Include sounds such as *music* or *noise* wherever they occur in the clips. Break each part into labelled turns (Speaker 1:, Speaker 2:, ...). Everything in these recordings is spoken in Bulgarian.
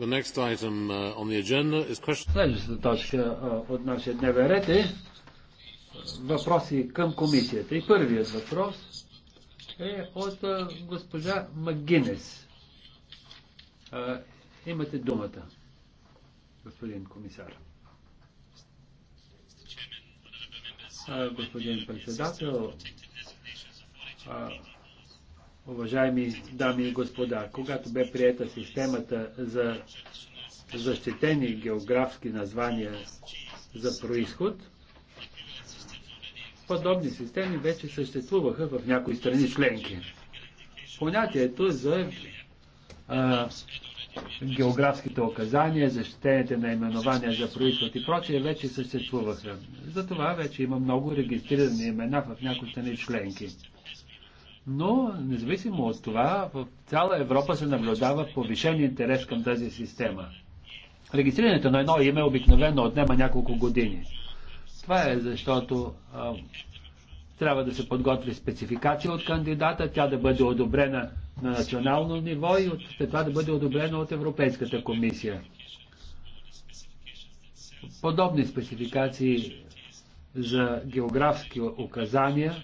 Speaker 1: Uh, Следващата точка uh, от нашия дневен ред е uh, въпроси към комисията. И първият въпрос е от госпожа Магинес. Имате думата, господин комисар. Господин председател, Уважаеми дами и господа, когато бе приета системата за защитени географски названия за происход, подобни системи вече съществуваха в някои страни членки. Понятието за а, географските указания, защитените наименования за происход и прочие вече съществуваха. Затова вече има много регистрирани имена в някои страни членки. Но, независимо от това, в цяла Европа се наблюдава повишен интерес към тази система. Регистрирането на едно име обикновено отнема няколко години. Това е защото а, трябва да се подготви спецификация от кандидата, тя да бъде одобрена на национално ниво и от, след това да бъде одобрена от Европейската комисия. Подобни спецификации за географски указания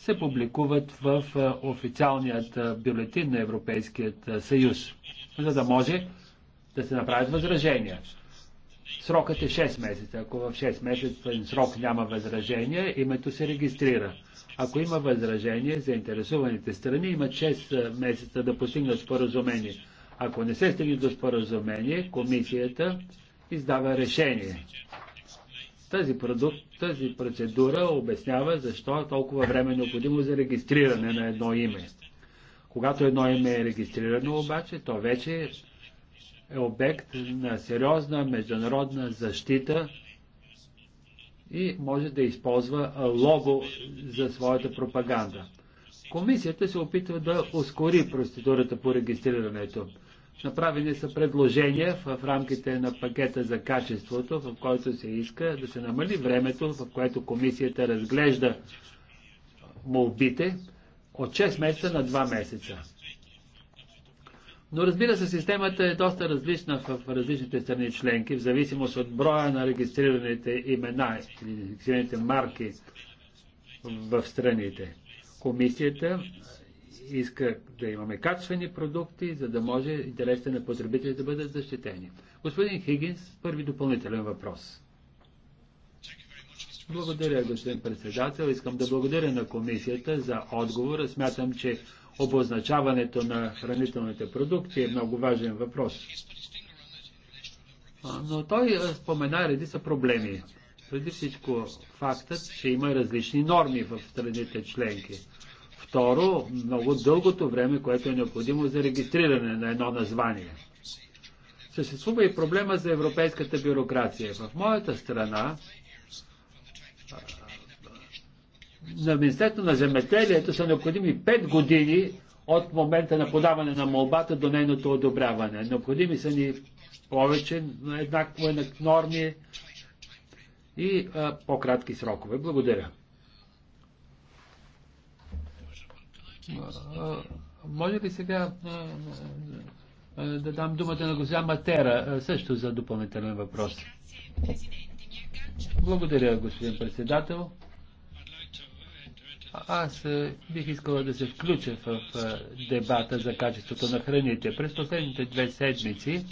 Speaker 1: се публикуват в официалният бюлетин на Европейският съюз, за да може да се направят възражения. Срокът е 6 месеца. Ако в 6 месеца срок няма възражение, името се регистрира. Ако има възражение, интересуваните страни имат 6 месеца да постигнат споразумение. Ако не се стигне до споразумение, комисията издава решение. Тази, продукт, тази процедура обяснява защо е толкова време необходимо за регистриране на едно име. Когато едно име е регистрирано обаче, то вече е обект на сериозна международна защита и може да използва лого за своята пропаганда. Комисията се опитва да ускори процедурата по регистрирането. Направени са предложения в рамките на пакета за качеството, в който се иска да се намали времето, в което комисията разглежда молбите от 6 месеца на 2 месеца. Но разбира се, системата е доста различна в различните страни членки, в зависимост от броя на регистрираните имена или регистрираните марки в страните. Комисията иска да имаме качествени продукти, за да може интересите на потребителите да бъдат защитени. Господин Хигинс, първи допълнителен въпрос. Благодаря, господин председател. Искам да благодаря на комисията за отговора. Смятам, че обозначаването на хранителните продукти е много важен въпрос. Но той спомена редица проблеми. Преди всичко фактът, че има различни норми в страните членки второ, много дългото време, което е необходимо за регистриране на едно название. Съществува и проблема за европейската бюрокрация. В моята страна на Министерството на земеделието са необходими 5 години от момента на подаване на молбата до нейното одобряване. Необходими са ни повече еднакво норми и по-кратки срокове. Благодаря. Може ли сега да дам думата на госпожа Матера също за допълнителен въпрос? Благодаря, господин председател. Аз бих искала да се включа в дебата за качеството на храните. През последните две седмици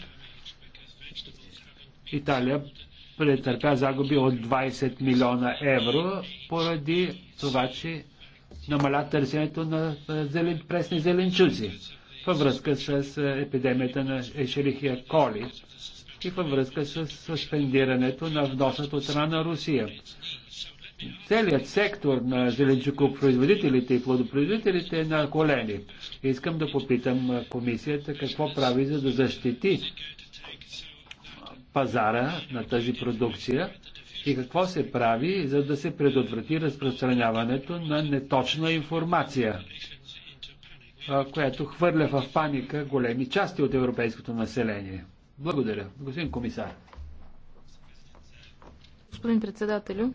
Speaker 1: Италия претърпя загуби от 20 милиона евро поради това, че Намаля търсенето на зелен, пресни зеленчуци във връзка с епидемията на Ешерихия коли и във връзка с суспендирането на вносът от страна на Русия. Целият сектор на зеленчукопроизводителите и плодопроизводителите е на колени. Искам да попитам комисията какво прави за да защити пазара на тази продукция и какво се прави, за да се предотврати разпространяването на неточна информация, която хвърля в паника големи части от европейското население. Благодаря. Господин комисар.
Speaker 2: Господин председателю,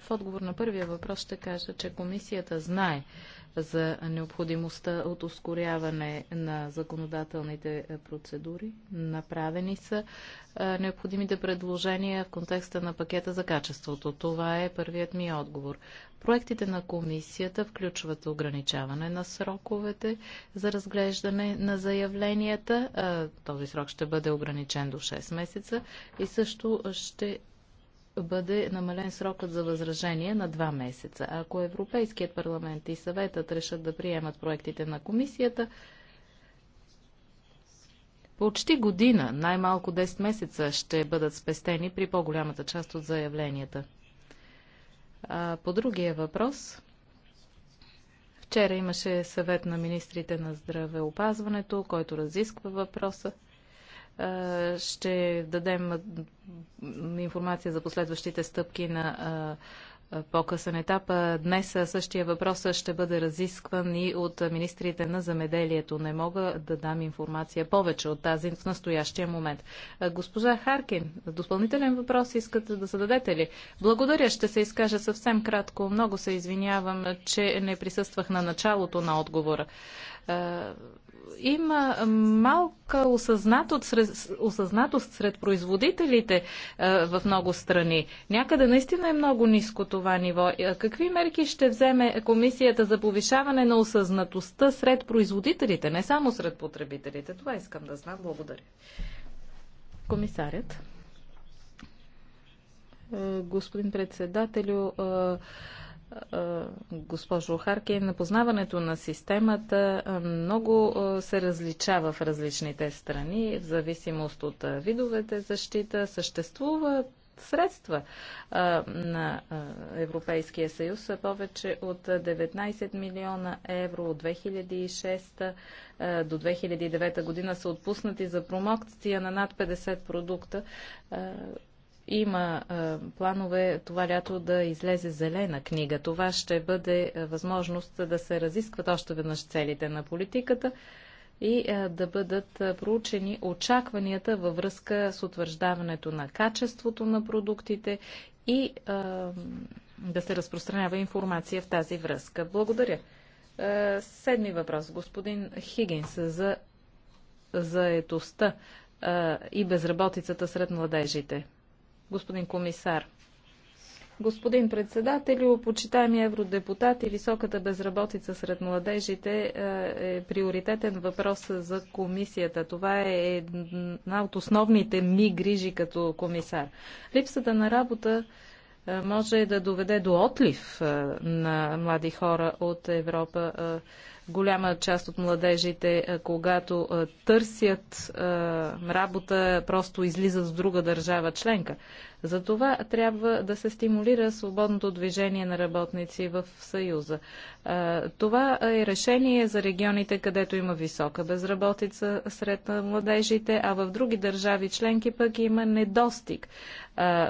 Speaker 2: в отговор на първия въпрос ще кажа, че комисията знае, за необходимостта от ускоряване на законодателните е, процедури. Направени са е, необходимите предложения в контекста на пакета за качеството. Това е първият ми отговор. Проектите на комисията включват ограничаване на сроковете за разглеждане на заявленията. Е, този срок ще бъде ограничен до 6 месеца и също ще бъде намален срокът за възражение на два месеца. Ако Европейският парламент и съветът решат да приемат проектите на комисията, почти година, най-малко 10 месеца ще бъдат спестени при по-голямата част от заявленията. А по другия въпрос, вчера имаше съвет на министрите на здравеопазването, който разисква въпроса. Е, ще дадем информация за последващите стъпки на е, е, по-късен етап. Днес същия въпрос ще бъде разискван и от министрите на замеделието. Не мога да дам информация повече от тази в настоящия момент. Госпожа Харкин, допълнителен въпрос искате да зададете ли? Благодаря, ще се изкажа съвсем кратко. Много се извинявам, че не присъствах на началото на отговора има малка осъзнатост, осъзнатост сред производителите е, в много страни. Някъде наистина е много ниско това ниво. Е, какви мерки ще вземе комисията за повишаване на осъзнатостта сред производителите, не само сред потребителите? Това искам да знам. Благодаря. Комисарят. Е, господин председателю, е, госпожо Харки, познаването на системата е, много е, се различава в различните страни, в зависимост от видовете защита. Съществуват средства на Европейския съюз са повече от 19 милиона евро от 2006 до 2009 година са отпуснати за промокция на над 50 продукта има а, планове това лято да излезе зелена книга. Това ще бъде а, възможност да се разискват още веднъж целите на политиката и а, да бъдат а, проучени очакванията във връзка с утвърждаването на качеството на продуктите и а, да се разпространява информация в тази връзка. Благодаря. Седми въпрос. Господин Хигинс за заетостта и безработицата сред младежите господин комисар. Господин председател, почитаеми евродепутати, високата безработица сред младежите е, е приоритетен въпрос за комисията. Това е една от основните ми грижи като комисар. Липсата на работа е, може да доведе до отлив е, на млади хора от Европа Голяма част от младежите, когато търсят работа, просто излизат с друга държава членка. Затова трябва да се стимулира свободното движение на работници в Съюза. Това е решение за регионите, където има висока безработица сред младежите, а в други държави членки пък има недостиг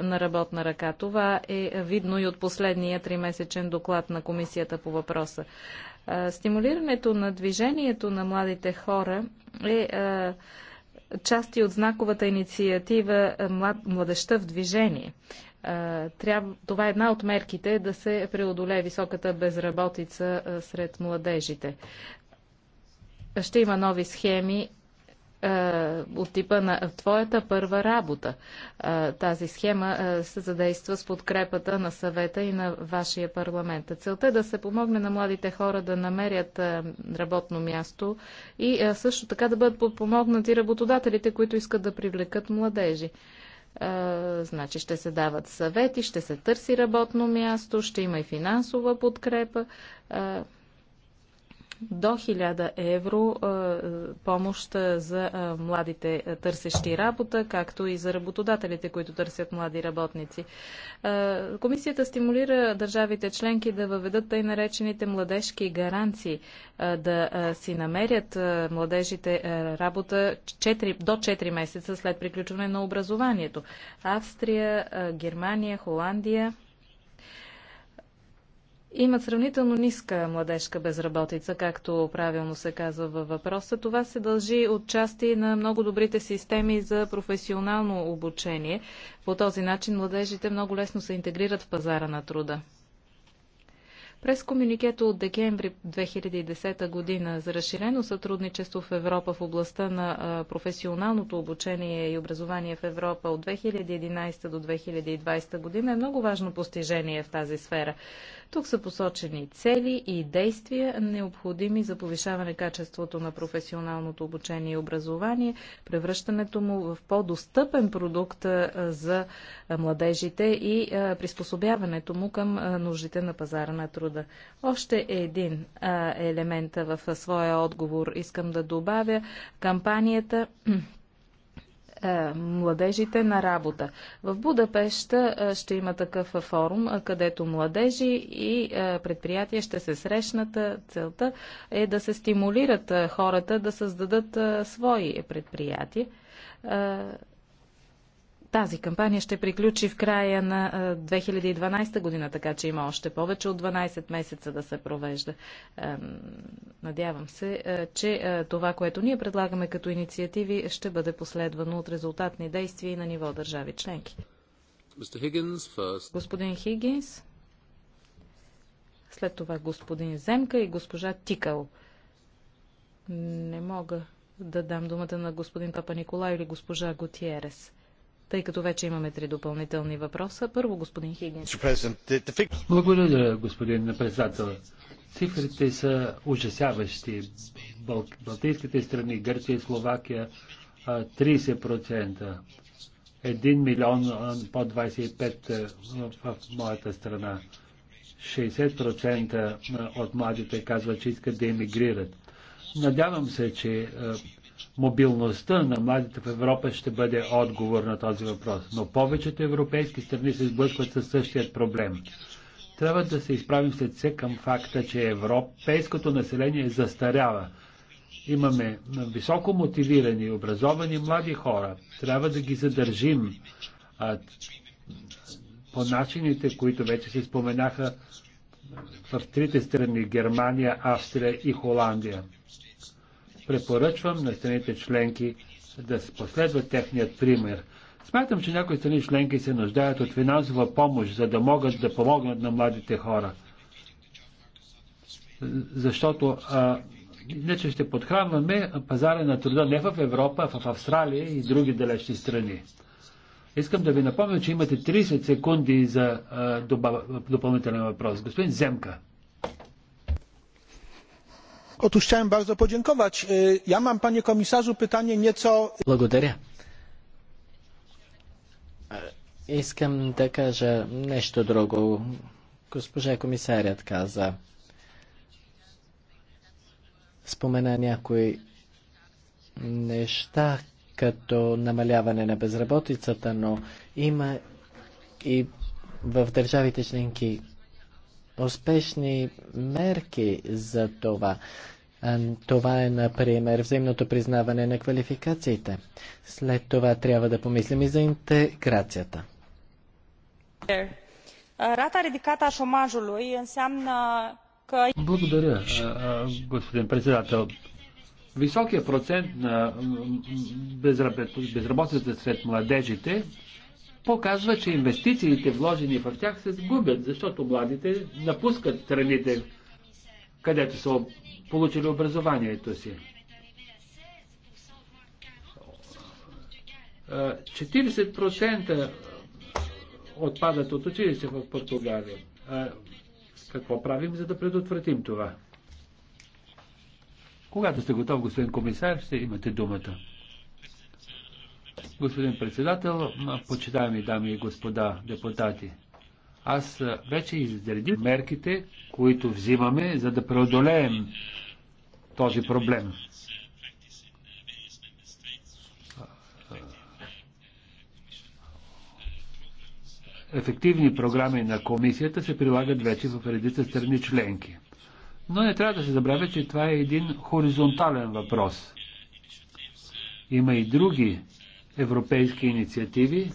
Speaker 2: на работна ръка. Това е видно и от последния тримесечен доклад на Комисията по въпроса. Стимулирането на движението на младите хора е части от знаковата инициатива Младеща в движение. това е една от мерките да се преодолее високата безработица сред младежите. Ще има нови схеми е, от типа на твоята първа работа. Е, тази схема е, се задейства с подкрепата на съвета и на вашия парламент. Целта е да се помогне на младите хора да намерят работно място и също така да бъдат подпомогнати работодателите, които искат да привлекат младежи значи ще се дават съвети, ще се търси работно място, ще има и финансова подкрепа до 1000 евро помощ за младите търсещи работа, както и за работодателите, които търсят млади работници. Комисията стимулира държавите членки да въведат тъй наречените младежки гаранции, да си намерят младежите работа 4, до 4 месеца след приключване на образованието. Австрия, Германия, Холандия имат сравнително ниска младежка безработица, както правилно се казва във въпроса. Това се дължи от части на много добрите системи за професионално обучение. По този начин младежите много лесно се интегрират в пазара на труда. През комуникето от декември 2010 година за разширено сътрудничество в Европа в областта на професионалното обучение и образование в Европа от 2011 до 2020 година е много важно постижение в тази сфера. Тук са посочени цели и действия, необходими за повишаване качеството на професионалното обучение и образование, превръщането му в по-достъпен продукт за младежите и приспособяването му към нуждите на пазара на труда. Още един елемент в своя отговор искам да добавя. Кампанията е, младежите на работа. В Будапешта е, ще има такъв форум, е, където младежи и предприятия ще се срещнат. Целта е да се стимулират хората да създадат свои предприятия тази кампания ще приключи в края на 2012 година, така че има още повече от 12 месеца да се провежда. Надявам се, че това, което ние предлагаме като инициативи, ще бъде последвано от резултатни действия и на ниво държави членки. Господин Хигинс, след това господин Земка и госпожа Тикал. Не мога да дам думата на господин Папа Николай или госпожа Готиерес тъй като вече имаме три допълнителни въпроса. Първо, господин Хигин.
Speaker 1: Благодаря, господин председател. Цифрите са ужасяващи. Балтийските страни, Гърция и Словакия, 30%. 1 милион по 25 в моята страна. 60% от младите казват, че искат да емигрират. Надявам се, че мобилността на младите в Европа ще бъде отговор на този въпрос. Но повечето европейски страни се сблъскват със същият проблем. Трябва да се изправим след все към факта, че европейското население застарява. Имаме високо мотивирани, образовани млади хора. Трябва да ги задържим а, по начините, които вече се споменаха в трите страни Германия, Австрия и Холандия препоръчвам на страните членки да последват техният пример. Смятам, че някои страни членки се нуждаят от финансова помощ, за да могат да помогнат на младите хора. Защото а, не че ще подхранваме пазара на труда не в Европа, а в Австралия и други далечни страни. Искам да ви напомня, че имате 30 секунди за а, допълнителен въпрос. Господин Земка. Otóż chciałem bardzo podziękować. Ja mam, panie komisarzu, pytanie nieco...
Speaker 3: Благодаря. Искам да кажа нещо друго. Госпожа комисарят каза, спомена някои неща, като намаляване на безработицата, но има и в държавите членки успешни мерки за това. Това е, например, взаимното признаване на квалификациите. След това трябва да помислим и за интеграцията.
Speaker 2: înseamnă că...
Speaker 3: Благодаря, господин председател.
Speaker 1: Високият процент на безработицата сред младежите показва, че инвестициите вложени в тях се сгубят, защото младите напускат страните, където са получили образованието си. 40% отпадат от училище в Португалия. какво правим, за да предотвратим това? Когато сте готов, господин комисар, ще имате думата. Господин председател, почитаеми дами и господа депутати, аз вече изредих мерките, които взимаме, за да преодолеем този проблем. Ефективни програми на комисията се прилагат вече в редица страни членки. Но не трябва да се забравя, че това е един хоризонтален въпрос. Има и други европейски инициативи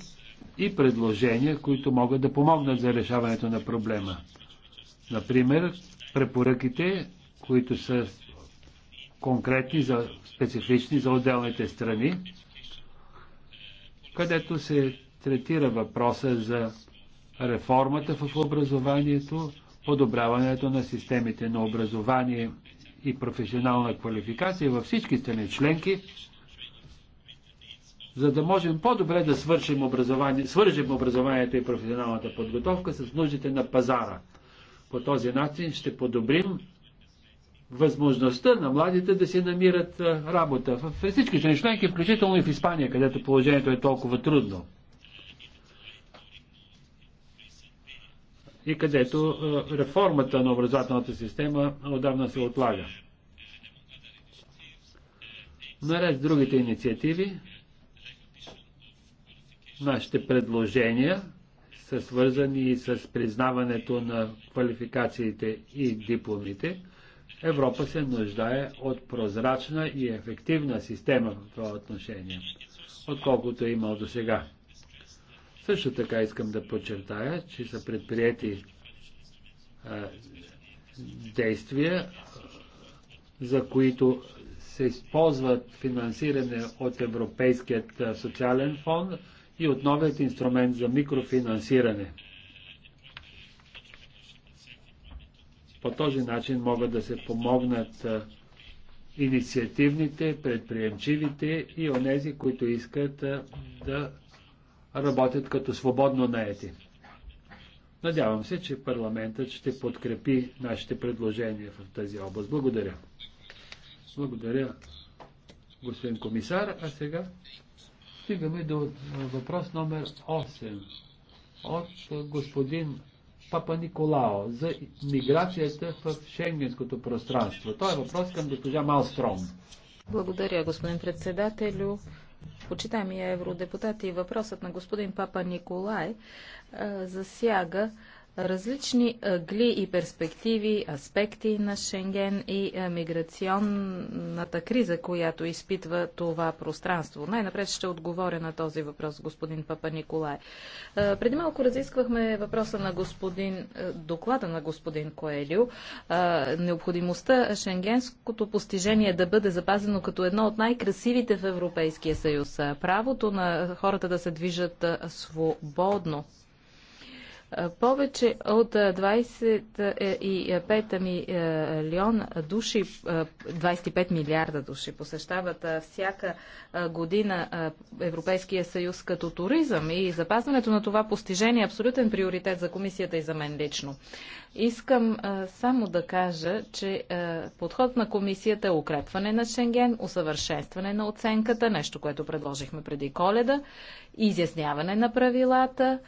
Speaker 1: и предложения, които могат да помогнат за решаването на проблема. Например, препоръките, които са конкретни, за, специфични за отделните страни, където се третира въпроса за реформата в образованието, подобряването на системите на образование и професионална квалификация във всички страни членки, за да можем по-добре да свършим образование, свържем образованието и професионалната подготовка с нуждите на пазара. По този начин ще подобрим възможността на младите да си намират работа в всички страни членки, включително и в Испания, където положението е толкова трудно. И където реформата на образователната система отдавна се отлага. Наред с другите инициативи, Нашите предложения са свързани и с признаването на квалификациите и дипломите. Европа се нуждае от прозрачна и ефективна система в това отношение, отколкото е имал до сега. Също така искам да подчертая, че са предприяти а, действия, за които се използват финансиране от Европейският социален фонд, и от новият инструмент за микрофинансиране. По този начин могат да се помогнат инициативните, предприемчивите и онези, които искат да работят като свободно наети. Надявам се, че парламентът ще подкрепи нашите предложения в тази област. Благодаря. Благодаря, господин комисар. А сега стигаме до въпрос номер 8 от господин Папа Николао за миграцията в шенгенското пространство. Той е въпрос към госпожа Малстром.
Speaker 2: Благодаря, господин председателю. Почитаеми евродепутати, въпросът на господин Папа Николай засяга различни гли и перспективи, аспекти на Шенген и миграционната криза, която изпитва това пространство. Най-напред ще отговоря на този въпрос, господин Папа Николай. Преди малко разисквахме въпроса на господин, доклада на господин Коелю необходимостта шенгенското постижение да бъде запазено като едно от най-красивите в Европейския съюз. Правото на хората да се движат свободно повече от 25 милион души, 25 милиарда души посещават всяка година Европейския съюз като туризъм и запазването на това постижение е абсолютен приоритет за комисията и за мен лично. Искам само да кажа, че подход на комисията е укрепване на Шенген, усъвършенстване на оценката, нещо, което предложихме преди коледа изясняване на правилата,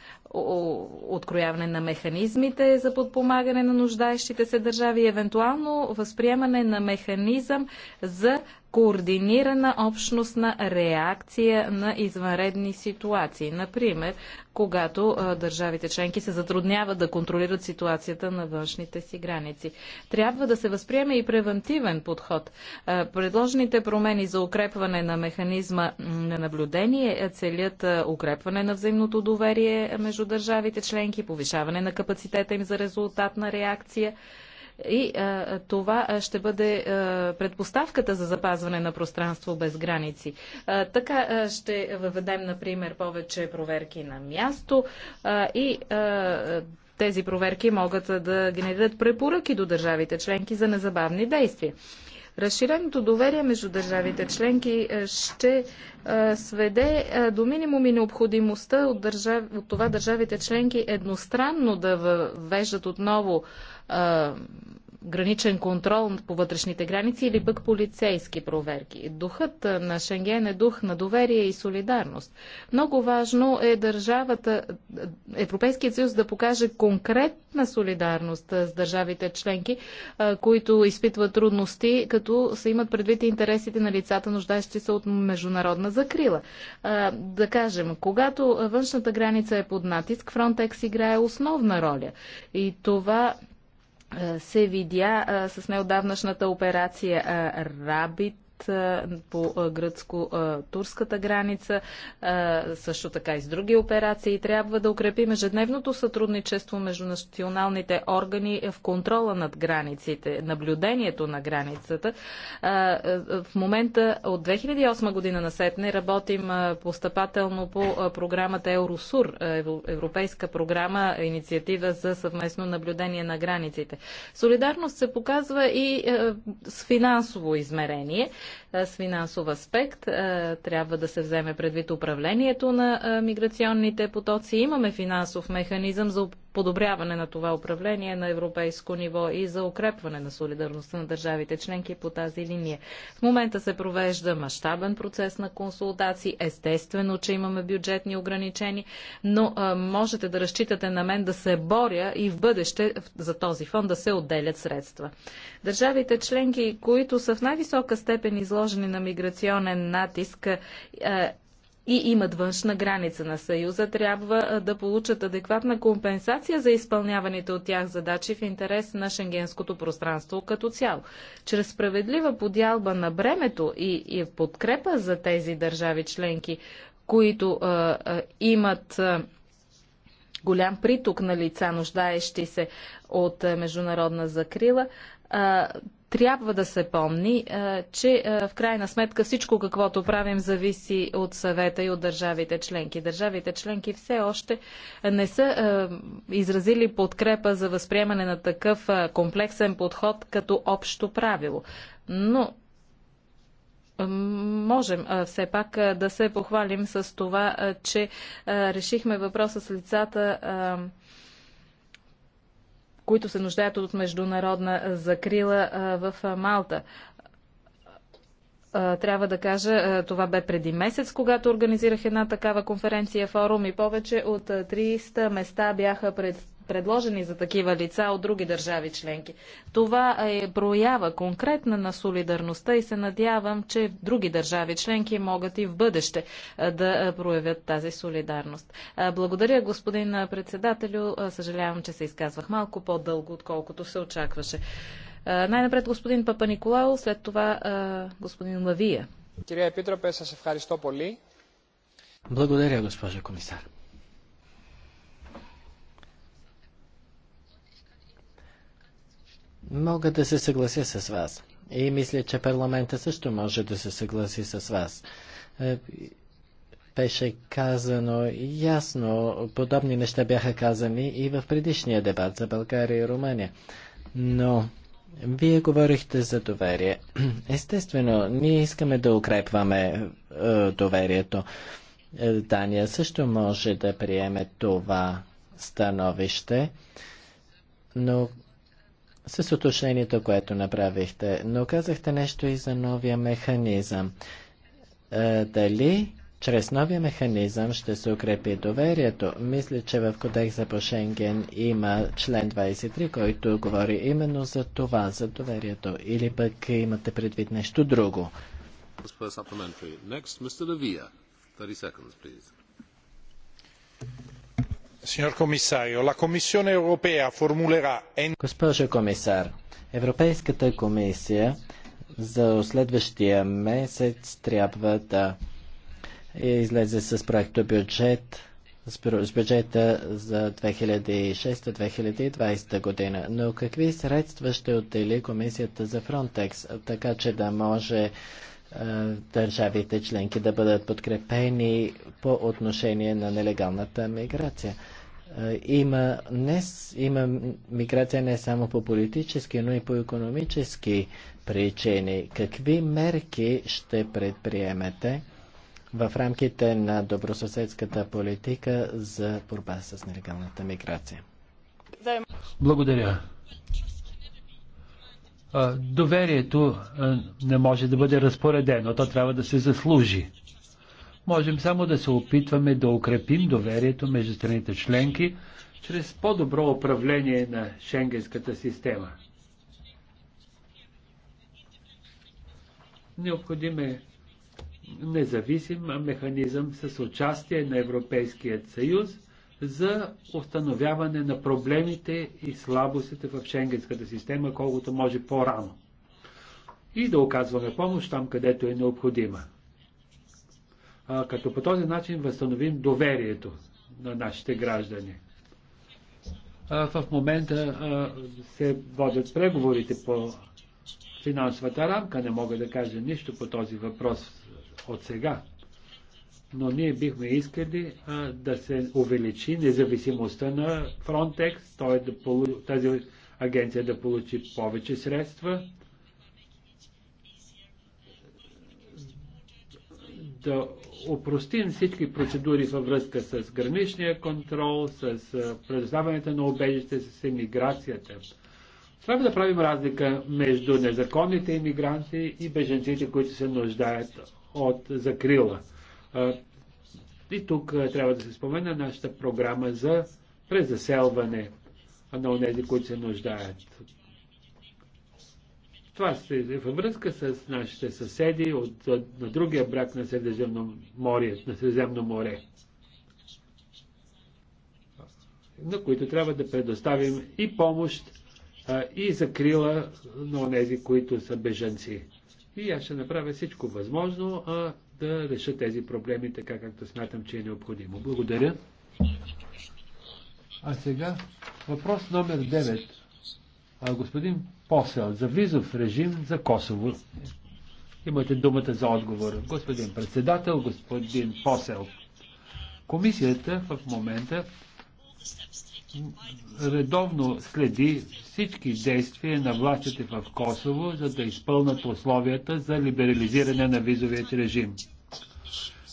Speaker 2: открояване на механизмите за подпомагане на нуждаещите се държави и евентуално възприемане на механизъм за координирана общностна реакция на извънредни ситуации. Например, когато държавите членки се затрудняват да контролират ситуацията на външните си граници. Трябва да се възприеме и превентивен подход. предложените промени за укрепване на механизма на наблюдение целят укрепване на взаимното доверие между държавите членки, повишаване на капацитета им за резултат на реакция и а, това ще бъде а, предпоставката за запазване на пространство без граници. А, така а, ще въведем, например, повече проверки на място а, и а, тези проверки могат да генерират препоръки до държавите членки за незабавни действия. Разширеното доверие между държавите членки ще сведе до минимум и необходимостта от, държав... от това държавите членки едностранно да въвеждат отново а, граничен контрол по вътрешните граници или пък полицейски проверки. Духът на Шенген е дух на доверие и солидарност. Много важно е държавата, Европейският съюз да покаже конкретна солидарност с държавите членки, които изпитват трудности, като се имат предвид интересите на лицата, нуждаещи се от международна закрила. Да кажем, когато външната граница е под натиск, Фронтекс играе основна роля. И това е, се видя е, с неодавнашната операция Рабит е, по гръцко-турската граница, също така и с други операции. Трябва да укрепим ежедневното сътрудничество между националните органи в контрола над границите, наблюдението на границата. В момента от 2008 година на Сетне работим постъпателно по програмата Евросур, европейска програма, инициатива за съвместно наблюдение на границите. Солидарност се показва и с финансово измерение с финансов аспект. Трябва да се вземе предвид управлението на миграционните потоци. Имаме финансов механизъм за подобряване на това управление на европейско ниво и за укрепване на солидарността на държавите членки по тази линия. В момента се провежда мащабен процес на консултации. Естествено, че имаме бюджетни ограничения, но а, можете да разчитате на мен да се боря и в бъдеще за този фонд да се отделят средства. Държавите членки, които са в най-висока степен изложени на миграционен натиск, а, и имат външна граница на Съюза, трябва да получат адекватна компенсация за изпълняваните от тях задачи в интерес на шенгенското пространство като цяло. Чрез справедлива подялба на бремето и, и подкрепа за тези държави членки, които а, а, имат. А, голям приток на лица, нуждаещи се от международна закрила, трябва да се помни, е, че е, в крайна сметка всичко, каквото правим, зависи от съвета и от държавите членки. Държавите членки все още не са е, изразили подкрепа за възприемане на такъв комплексен подход като общо правило. Но можем все пак да се похвалим с това, че решихме въпроса с лицата които се нуждаят от международна закрила в Малта трябва да кажа, това бе преди месец, когато организирах една такава конференция, форум и повече от 300 места бяха пред, предложени за такива лица от други държави членки. Това е проява конкретна на солидарността и се надявам, че други държави членки могат и в бъдеще да проявят тази солидарност. Благодаря, господин председателю. Съжалявам, че се изказвах малко по-дълго, отколкото се очакваше. Е, най-напред господин Папа Николао, след това е, господин Лавия. Кирия Епитропе, се ευχαριστώ πολύ.
Speaker 3: Благодаря, госпожо комисар. Мога да се съглася с вас. И мисля, че парламента също може да се съгласи с вас. Е, беше казано ясно, подобни неща бяха казани и в предишния дебат за България и Румъния. Но вие говорихте за доверие. *clears throat* Естествено, ние искаме да укрепваме е, доверието. Е, Дания също може да приеме това становище, но с отношението, което направихте. Но казахте нещо и за новия механизъм. Е, дали чрез новия механизъм ще се укрепи доверието. Мисля, че в Кодекса по Шенген има член 23, който говори именно за това, за доверието. Или пък имате предвид нещо друго. Госпожо комисар, Европейската комисия за следващия месец трябва да излезе с проекто бюджет с бюджета за 2006-2020 година. Но какви средства ще отдели комисията за Фронтекс, така че да може е, държавите членки да бъдат подкрепени по отношение на нелегалната миграция? Е, има, не, има миграция не само по политически, но и по економически причини. Какви мерки ще предприемете? в рамките на добросъседската политика за борба с нелегалната миграция.
Speaker 1: Благодаря. Доверието не може да бъде разпоредено, то трябва да се заслужи. Можем само да се опитваме да укрепим доверието между страните членки чрез по-добро управление на шенгенската система. Необходим е независим механизъм с участие на Европейският съюз за установяване на проблемите и слабостите в шенгенската система, колкото може по-рано. И да оказваме помощ там, където е необходима. А, като по този начин възстановим доверието на нашите граждани. А, в момента а, се водят преговорите по финансовата рамка. Не мога да кажа нищо по този въпрос от сега. Но ние бихме искали а, да се увеличи независимостта на Frontex, т.е. Да тази агенция да получи повече средства, да опростим всички процедури във връзка с граничния контрол, с предоставянето на обежище, с емиграцията. Трябва да правим разлика между незаконните иммигранти и беженците, които се нуждаят от закрила. И тук трябва да се спомена нашата програма за презаселване на онези, които се нуждаят. Това е във връзка с нашите
Speaker 3: съседи
Speaker 1: от, от, на другия брак на Средиземно море, на Средиземно море, на които трябва да предоставим и помощ, а, и закрила на онези, които са бежанци. И аз ще направя всичко възможно а, да реша тези проблеми така, както смятам, че е необходимо. Благодаря. А сега въпрос номер 9. А, господин Посел, за визов режим за Косово. Имате думата за отговор. Господин председател, господин Посел. Комисията в момента редовно следи всички действия на властите в Косово, за да изпълнат условията за либерализиране на визовият режим.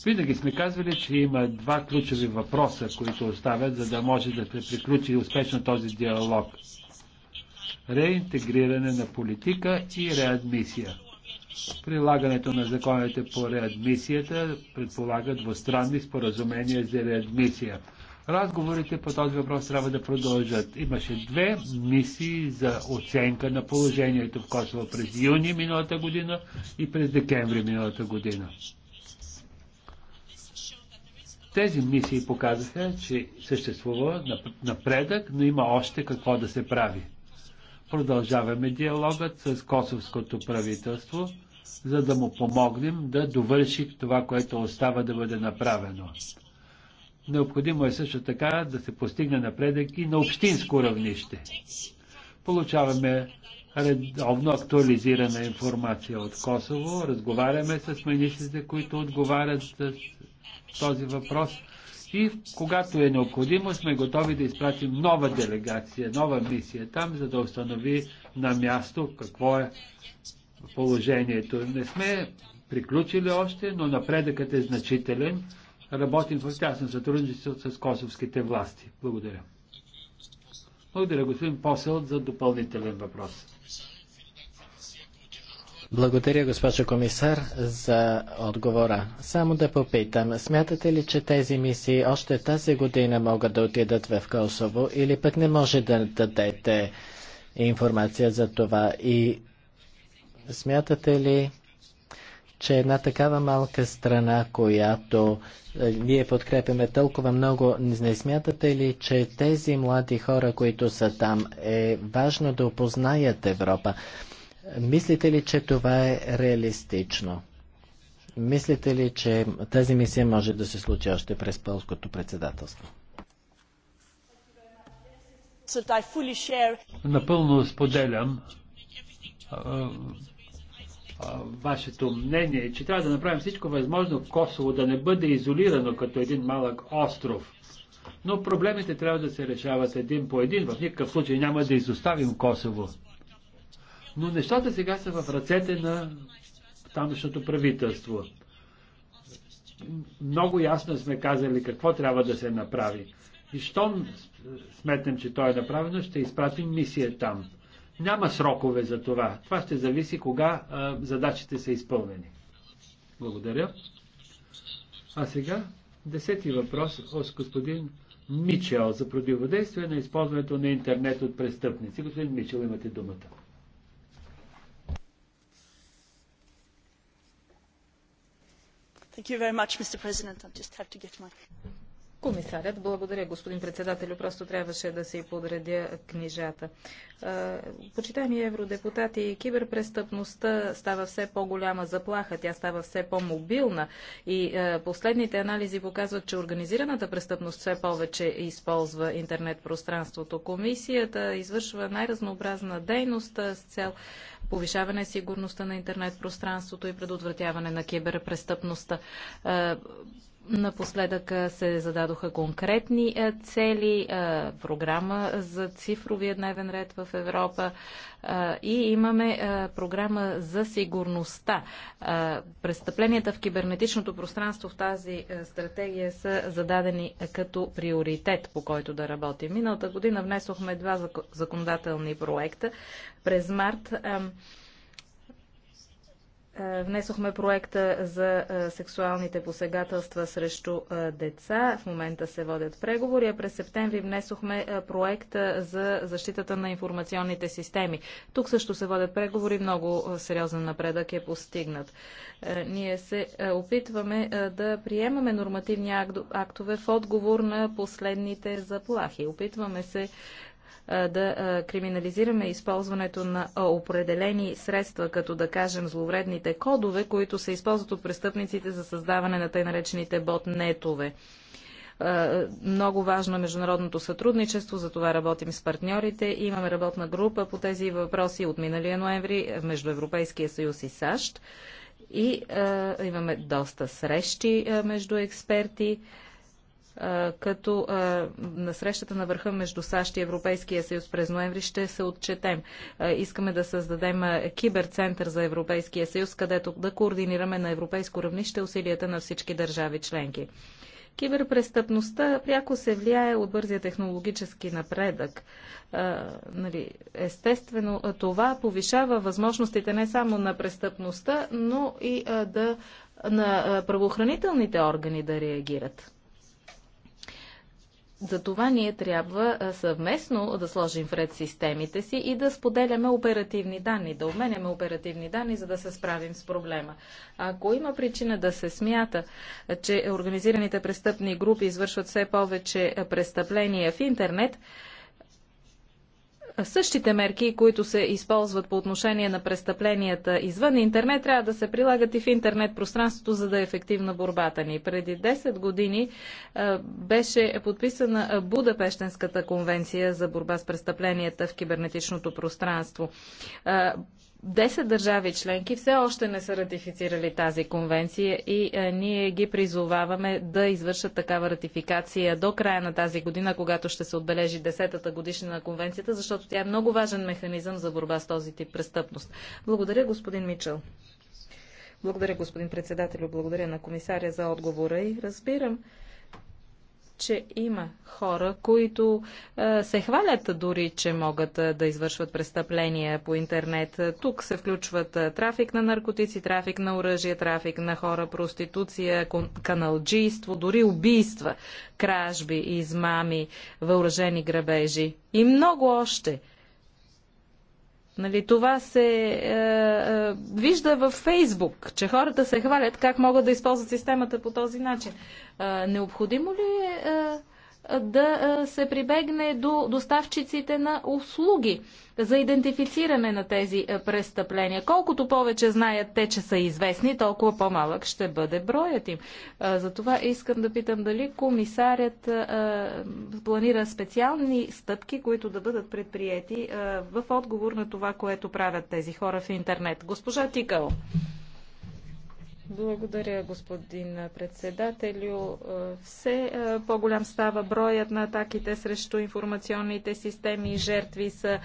Speaker 1: Винаги сме казвали, че има два ключови въпроса, които оставят, за да може да се приключи успешно този диалог. Реинтегриране на политика и реадмисия. Прилагането на законите по реадмисията предполага двустранни споразумения за реадмисия. Разговорите по този въпрос трябва да продължат. Имаше две мисии за оценка на положението в Косово през юни миналата година и през декември миналата година. Тези мисии показаха, че съществува напредък, но има още какво да се прави. Продължаваме диалогът с косовското правителство, за да му помогнем да довърши това, което остава да бъде направено. Необходимо е също така да се постигне напредък и на общинско равнище. Получаваме редовно актуализирана информация от Косово, разговаряме с министрите, които отговарят с този въпрос и когато е необходимо, сме готови да изпратим нова делегация, нова мисия там, за да установи на място какво е положението. Не сме приключили още, но напредъкът е значителен работим в тясно сътрудничество с косовските власти. Благодаря. Благодаря, господин Посел, за допълнителен въпрос.
Speaker 3: Благодаря, госпожо комисар, за отговора. Само да попитам, смятате ли, че тези мисии още тази година могат да отидат в Косово или пък не може да дадете информация за това? И смятате ли, че една такава малка страна, която вие подкрепяме толкова много. Не смятате ли, че тези млади хора, които са там, е важно да опознаят Европа? Мислите ли, че това е реалистично? Мислите ли, че тази мисия може да се случи още през полското председателство?
Speaker 1: Напълно споделям вашето мнение, е, че трябва да направим всичко възможно Косово да не бъде изолирано като един малък остров. Но проблемите трябва да се решават един по един. В никакъв случай няма да изоставим Косово. Но нещата сега са в ръцете на тамшното правителство. Много ясно сме казали какво трябва да се направи. И щом сметнем, че то е направено, ще изпратим мисия там. Няма срокове за това. Това ще зависи кога а, задачите са изпълнени. Благодаря. А сега десети въпрос от господин Мичел за противодействие на използването на интернет от престъпници. Господин Мичел, имате думата.
Speaker 2: Much, my... Комисарят, благодаря господин председател, Просто трябваше да си подредя книжата. Почитаеми евродепутати, киберпрестъпността става все по-голяма заплаха, тя става все по-мобилна и последните анализи показват, че организираната престъпност все повече използва интернет пространството. Комисията извършва най-разнообразна дейност с цел повишаване сигурността на интернет пространството и предотвратяване на киберпрестъпността Напоследък се зададоха конкретни цели, програма за цифровия дневен ред в Европа и имаме програма за сигурността. Престъпленията в кибернетичното пространство в тази стратегия са зададени като приоритет, по който да работим. Миналата година внесохме два законодателни проекта. През март е, внесохме проекта за е, сексуалните посегателства срещу е, деца. В момента се водят преговори, а през септември внесохме проекта за защитата на информационните системи. Тук също се водят преговори. Много сериозен напредък е постигнат. Ние се опитваме да приемаме нормативни актове в отговор на последните заплахи. Опитваме се да криминализираме използването на определени средства, като да кажем зловредните кодове, които се използват от престъпниците за създаване на тъй наречените ботнетове. Много важно е международното сътрудничество, за това работим с партньорите. Имаме работна група по тези въпроси от миналия ноември между Европейския съюз и САЩ. И а, имаме доста срещи а, между експерти като на срещата на върха между САЩ и Европейския съюз през ноември ще се отчетем. Искаме да създадем киберцентър за Европейския съюз, където да координираме на европейско равнище усилията на всички държави членки. Киберпрестъпността пряко се влияе от бързия технологически напредък. Нали, естествено, това повишава възможностите не само на престъпността, но и да на правоохранителните органи да реагират. За това ние трябва съвместно да сложим вред системите си и да споделяме оперативни данни, да обменяме оперативни данни, за да се справим с проблема. Ако има причина да се смята, че организираните престъпни групи извършват все повече престъпления в интернет, същите мерки, които се използват по отношение на престъпленията извън интернет, трябва да се прилагат и в интернет пространството, за да е ефективна борбата ни. Преди 10 години беше подписана Будапештенската конвенция за борба с престъпленията в кибернетичното пространство. Десет държави членки все още не са ратифицирали тази конвенция и е, ние ги призоваваме да извършат такава ратификация до края на тази година, когато ще се отбележи десетата годишна на конвенцията, защото тя е много важен механизъм за борба с този тип престъпност. Благодаря, господин Мичел. Благодаря, господин председател, Благодаря на комисаря за отговора и разбирам, че има хора, които а, се хвалят дори, че могат а, да извършват престъпления по интернет. Тук се включват а, трафик на наркотици, трафик на оръжие, трафик на хора, проституция, каналджийство, дори убийства, кражби, измами, въоръжени грабежи и много още – Нали, това се е, е, вижда във Фейсбук, че хората се хвалят как могат да използват системата по този начин. Е, необходимо ли е, е да се прибегне до доставчиците на услуги за идентифициране на тези престъпления. Колкото повече знаят те, че са известни, толкова по-малък ще бъде броят им. Затова искам да питам дали комисарят планира специални стъпки, които да бъдат предприяти в отговор на това, което правят тези хора в интернет. Госпожа Тикал. Благодаря, господин председателю. Е, все е, по-голям става броят на атаките срещу информационните системи и жертви са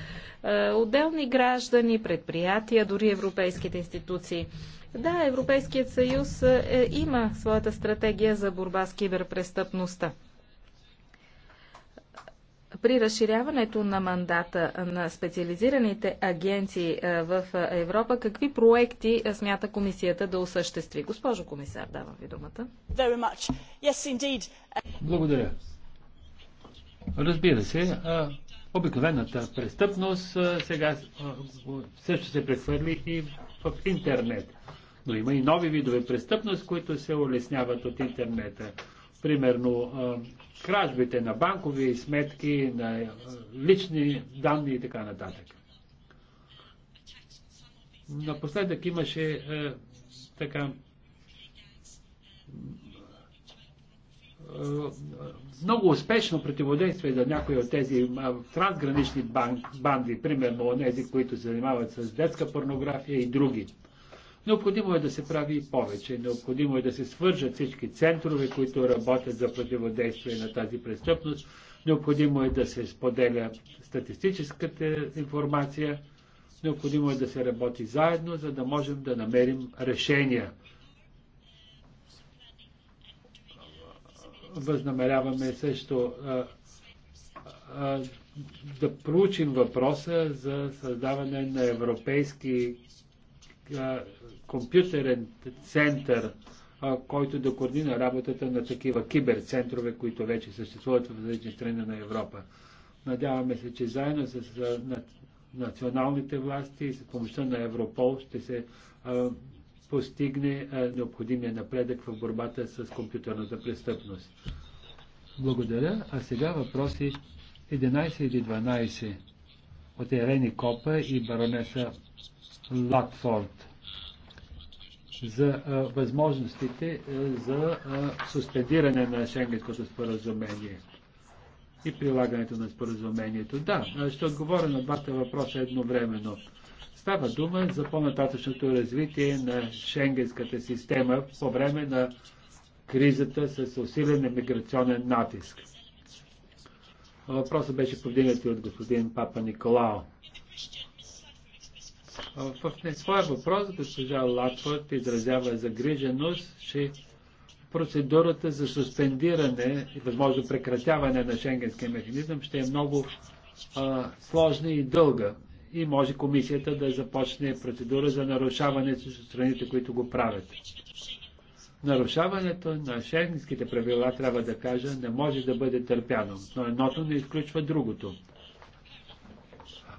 Speaker 2: е, отделни граждани, предприятия, дори европейските институции. Да, Европейският съюз има своята стратегия за борба с киберпрестъпността. При разширяването на мандата на специализираните агенции е, в Европа, какви проекти е, смята комисията да осъществи? Госпожо комисар, давам ви думата.
Speaker 1: Благодаря. Разбира се, е, обикновената
Speaker 2: престъпност
Speaker 1: сега също се прехвърли и в интернет. Но има и нови видове престъпност, които се улесняват от интернета. Примерно кражбите на банкови сметки, на е, лични данни и така нататък. Напоследък имаше е, така е, много успешно противодействие за някои от тези е, трансгранични банк, банди, примерно тези, които се занимават с детска порнография и други. Необходимо е да се прави и повече. Необходимо е да се свържат всички центрове, които работят за противодействие на тази престъпност. Необходимо е да се споделя статистическата информация. Необходимо е да се работи заедно, за да можем да намерим решения. Възнамеряваме също да проучим въпроса за създаване на европейски компютърен център, който да координира работата на такива киберцентрове, които вече съществуват в различни страни на Европа. Надяваме се, че заедно с националните власти и с помощта на Европол ще се постигне необходимия напредък в борбата с компютърната престъпност. Благодаря. А сега въпроси 11 или 12 от Ерени Копа и баронеса Латфорд за а, възможностите а, за а, суспендиране на Шенгенското споразумение и прилагането на споразумението. Да, ще отговоря на двата въпроса едновременно. Става дума за по-нататъчното развитие на шенгенската система по време на кризата с усилен миграционен натиск. Въпросът беше повдигнат и от господин Папа Николао. В своя въпрос госпожа Латфорд изразява загриженост, че процедурата за суспендиране и възможно прекратяване на шенгенския механизъм ще е много а, сложна и дълга и може комисията да започне процедура за нарушаване с страните, които го правят. Нарушаването на шенгенските правила, трябва да кажа, не може да бъде търпяно, но едното не изключва другото.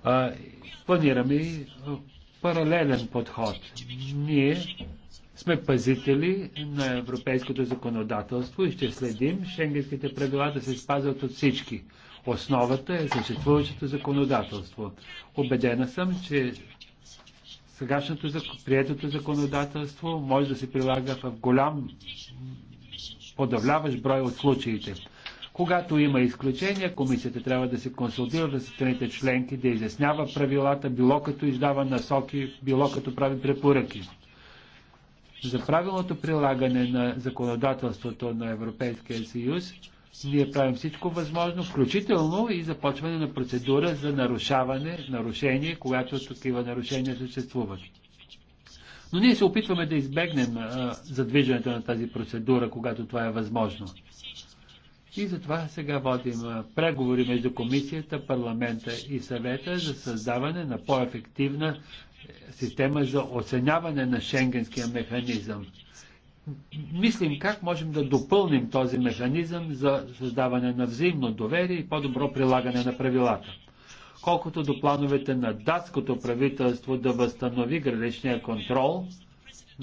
Speaker 1: А, планираме и паралелен подход. Ние сме пазители на европейското законодателство и ще следим шенгенските правила да се спазват от всички. Основата е съществуващото законодателство. Обедена съм, че сегашното приетото законодателство може да се прилага в голям подавляващ брой от случаите. Когато има изключения, комисията трябва да се консултира за страните членки, да изяснява правилата, било като издава насоки, било като прави препоръки. За правилното прилагане на законодателството на Европейския съюз, ние правим всичко възможно, включително и започване на процедура за нарушаване, нарушение, когато такива нарушения съществуват. Но ние се опитваме да избегнем а, задвижването на тази процедура, когато това е възможно. И затова сега водим преговори между комисията, парламента и съвета за създаване на по-ефективна е, система за оценяване на шенгенския механизъм. Мислим как можем да допълним този механизъм за създаване на взаимно доверие и по-добро прилагане на правилата. Колкото до плановете на датското правителство да възстанови граничния контрол,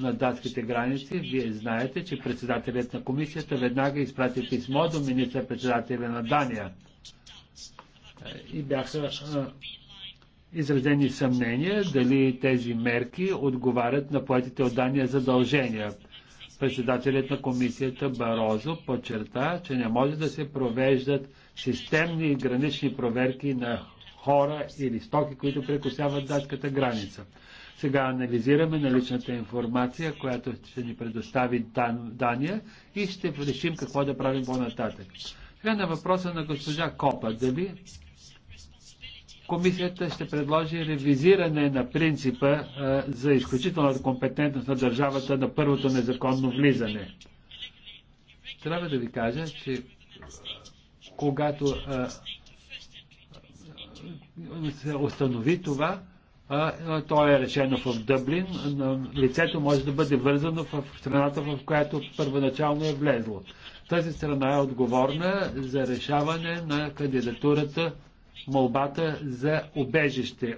Speaker 1: на датските граници. Вие знаете, че председателят на комисията веднага изпрати писмо до министър-председателя на Дания. Е, и бяха е, изразени съмнения дали тези мерки отговарят на поетите от Дания задължения. Председателят на комисията Барозо подчерта, че не може да се провеждат системни гранични проверки на хора или стоки, които прекусяват датската граница. Сега анализираме наличната информация, която ще ни предостави Дан, Дания и ще решим какво да правим по-нататък. Сега на въпроса на госпожа Копа, дали комисията ще предложи ревизиране на принципа а, за изключителната компетентност на държавата на първото незаконно влизане. Трябва да ви кажа, че когато а, се установи това, то е решено в Дъблин. Лицето може да бъде вързано в страната, в която първоначално е влезло. Тази страна е отговорна за решаване на кандидатурата, молбата за убежище.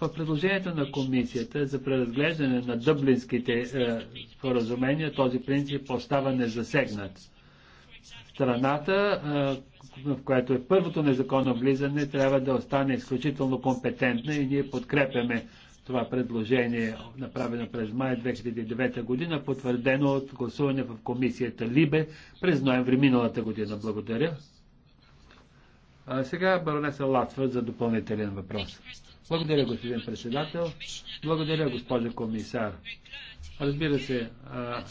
Speaker 1: В предложението на комисията за преразглеждане на дъблинските е, споразумения този принцип остава незасегнат страната, в която е първото незаконно влизане, трябва да остане изключително компетентна и ние подкрепяме това предложение, направено през май 2009 година, потвърдено от гласуване в комисията Либе през ноември миналата година. Благодаря. А сега баронеса Латва за допълнителен въпрос. Благодаря, господин председател. Благодаря, госпожа комисар. Разбира се, а,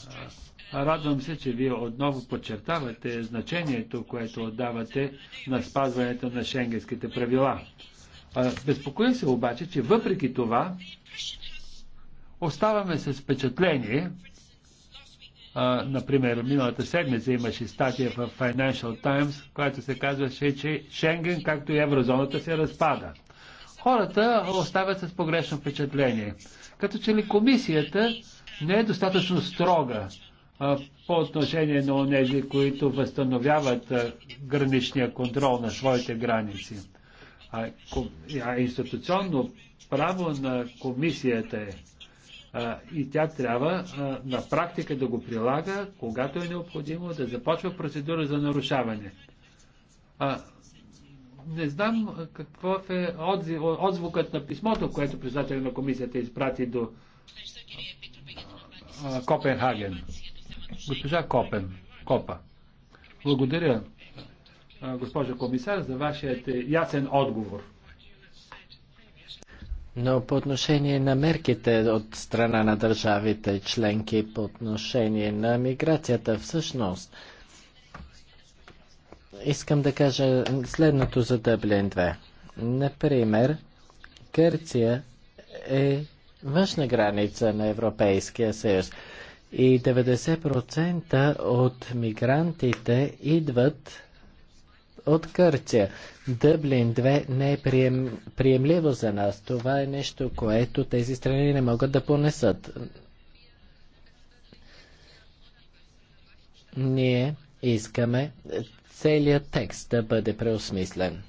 Speaker 1: Радвам се, че вие отново подчертавате значението, което отдавате на спазването на шенгенските правила. Безпокоя се обаче, че въпреки това оставаме с впечатление, например, миналата седмица имаше статия в Financial Times, която се казваше, че Шенген, както и еврозоната, се разпада. Хората оставят с погрешно впечатление. Като че ли комисията не е достатъчно строга по отношение на онези, които възстановяват граничния контрол на своите граници. А, институционно право на комисията е. и тя трябва на практика да го прилага, когато е необходимо да започва процедура за нарушаване. не знам какво е отзвукът на писмото, което председателя на комисията изпрати до Копенхаген. Госпожа Копен, Копа, благодаря, госпожа комисар, за вашият е, ясен отговор.
Speaker 3: Но по отношение на мерките от страна на държавите членки, по отношение на миграцията, всъщност, искам да кажа следното за Дъблин 2. Например, Гърция е външна граница на Европейския съюз и 90% от мигрантите идват от Кърция. Дъблин 2 не е прием, приемливо за нас. Това е нещо, което тези страни не могат да понесат. Ние искаме целият текст да бъде преосмислен.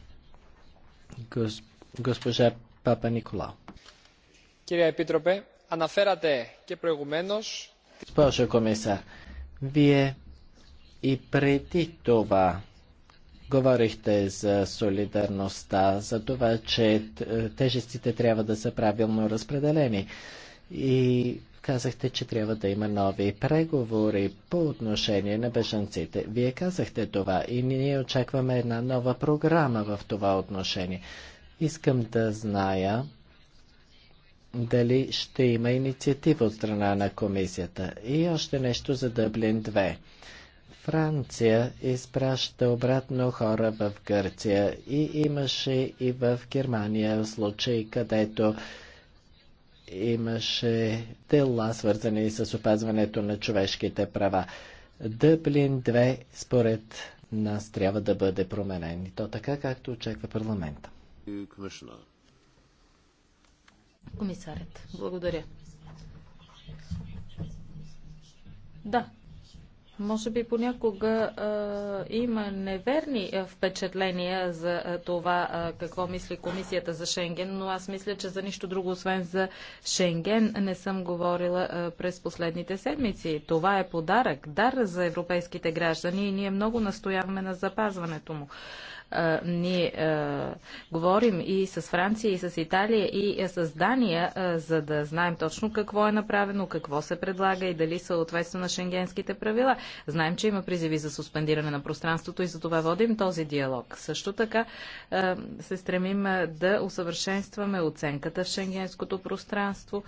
Speaker 3: Гос, госпожа Папа Николао. Кирия Епитропе, анаферате ке προηγουμένως Госпожо комисар, вие и преди това говорихте за солидарността, за това, че тежестите трябва да са правилно разпределени. И казахте, че трябва да има нови преговори по отношение на бежанците. Вие казахте това и ние очакваме една нова програма в това отношение. Искам да зная дали ще има инициатива от страна на комисията. И още нещо за Дъблин 2. Франция изпраща обратно хора в Гърция и имаше и в Германия случаи, където имаше дела, свързани с опазването на човешките права. Дъблин 2, според нас, трябва да бъде променен. И то така, както очаква парламента.
Speaker 2: Комисарят, благодаря. Да, може би понякога а, има неверни впечатления за а, това а, какво мисли комисията за Шенген, но аз мисля, че за нищо друго, освен за Шенген, не съм говорила а, през последните седмици. Това е подарък, дар за европейските граждани и ние много настояваме на запазването му. А, ни ние говорим и с Франция, и с Италия, и с Дания, за да знаем точно какво е направено, какво се предлага и дали съответства на шенгенските правила. Знаем, че има призиви за суспендиране на пространството и за това водим този диалог. Също така се стремим да усъвършенстваме оценката в шенгенското пространство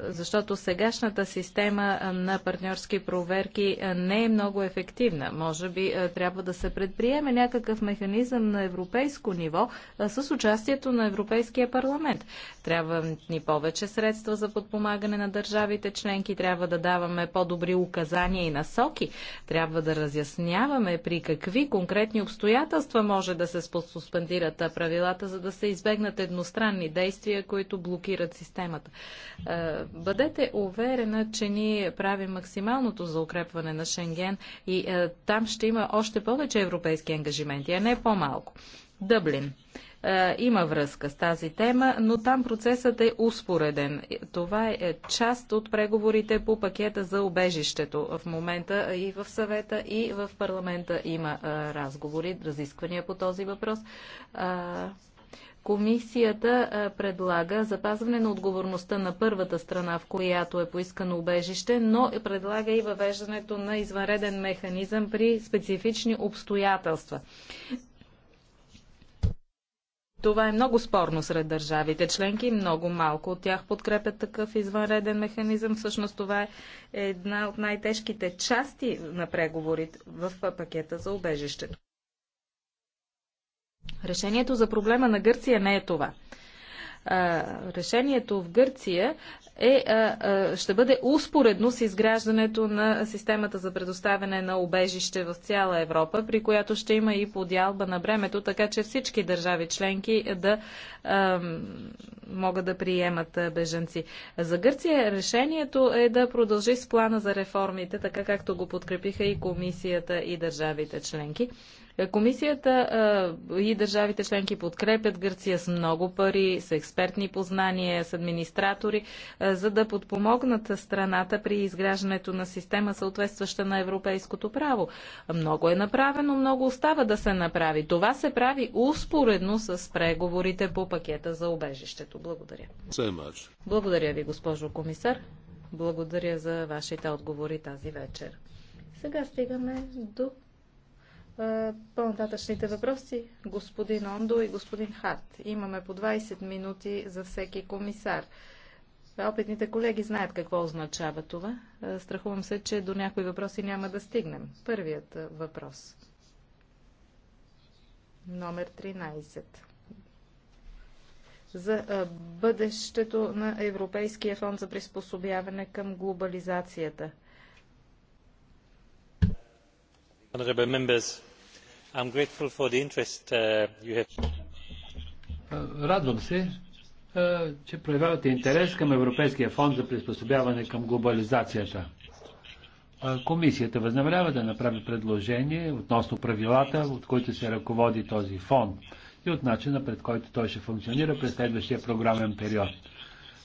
Speaker 2: защото сегашната система на партньорски проверки не е много ефективна. Може би трябва да се предприеме някакъв механизъм на европейско ниво с участието на Европейския парламент. Трябва ни повече средства за подпомагане на държавите членки, трябва да даваме по-добри указания и насоки, трябва да разясняваме при какви конкретни обстоятелства може да се суспендират правилата, за да се избегнат едностранни действия, които блокират системата. Е, бъдете уверена, че ние правим максималното за укрепване на Шенген и е, там ще има още повече европейски ангажименти, а не по-малко. Дъблин е, има връзка с тази тема, но там процесът е успореден. Това е част от преговорите по пакета за обежището. В момента и в съвета, и в парламента има разговори, разисквания по този въпрос. Комисията предлага запазване на отговорността на първата страна, в която е поискано убежище, но е предлага и въвеждането на извънреден механизъм при специфични обстоятелства. Това е много спорно сред държавите членки. Много малко от тях подкрепят такъв извънреден механизъм. Всъщност това е една от най-тежките части на преговорите в пакета за убежището. Решението за проблема на Гърция не е това. Решението в Гърция е, ще бъде успоредно с изграждането на системата за предоставяне на обежище в цяла Европа, при която ще има и подялба на бремето, така че всички държави членки да могат да приемат бежанци. За Гърция решението е да продължи с плана за реформите, така както го подкрепиха и комисията и държавите членки. Комисията и държавите членки подкрепят Гърция с много пари, с експертни познания, с администратори, за да подпомогнат страната при изграждането на система, съответстваща на европейското право. Много е направено, много остава да се направи. Това се прави успоредно с преговорите по пакета за обежището. Благодаря. Благодаря ви, госпожо комисар. Благодаря за вашите отговори тази вечер. Сега стигаме до е, по-нататъчните въпроси господин Ондо и господин Харт. Имаме по 20 минути за всеки комисар. Опитните колеги знаят какво означава това. Е, страхувам се, че до някои въпроси няма да стигнем. Първият е, въпрос. Номер 13 за бъдещето на Европейския фонд за приспособяване към глобализацията.
Speaker 1: Honorable members, Uh, Радвам се, че проявявате интерес към Европейския фонд за приспособяване към глобализацията. Комисията възнамерява да направи предложение относно правилата, от които се ръководи този фонд и от начина, пред който той ще функционира през следващия програмен период.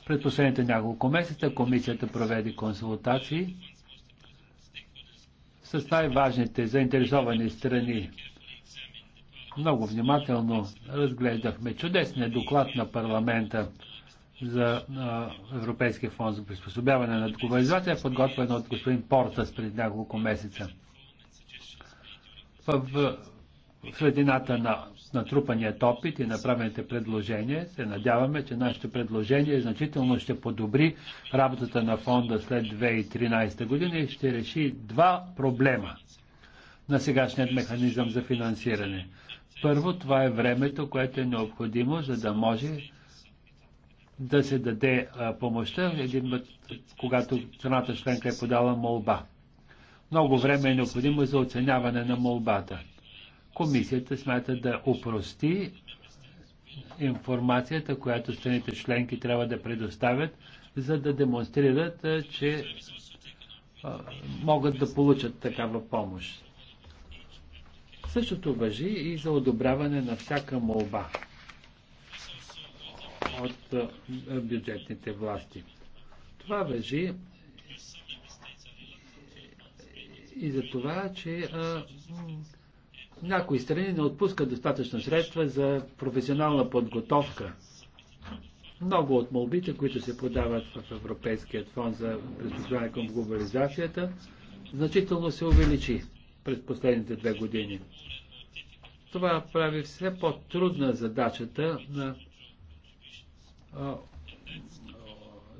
Speaker 1: Пред последните няколко месеца комисията проведе консултации с най-важните заинтересовани страни много внимателно разгледахме чудесния доклад на парламента за Европейския фонд за приспособяване на глобализация, подготвен от господин Портас преди няколко месеца. В, средината на натрупаният опит и направените предложения се надяваме, че нашето предложение значително ще подобри работата на фонда след 2013 година и ще реши два проблема на сегашният механизъм за финансиране. Първо, това е времето, което е необходимо, за да може да се даде помощта, един път, когато страната членка е подала молба. Много време е необходимо за оценяване на молбата. Комисията смята да упрости информацията, която страните членки трябва да предоставят, за да демонстрират, че могат да получат такава помощ. Същото въжи и за одобряване на всяка молба от е, бюджетните власти. Това въжи и за това, че а, е, някои страни не отпускат достатъчно средства за професионална подготовка. Много от молбите, които се подават в Европейският фонд за приспособяване към глобализацията, значително се увеличи през последните две години. Това прави все по-трудна задачата на а,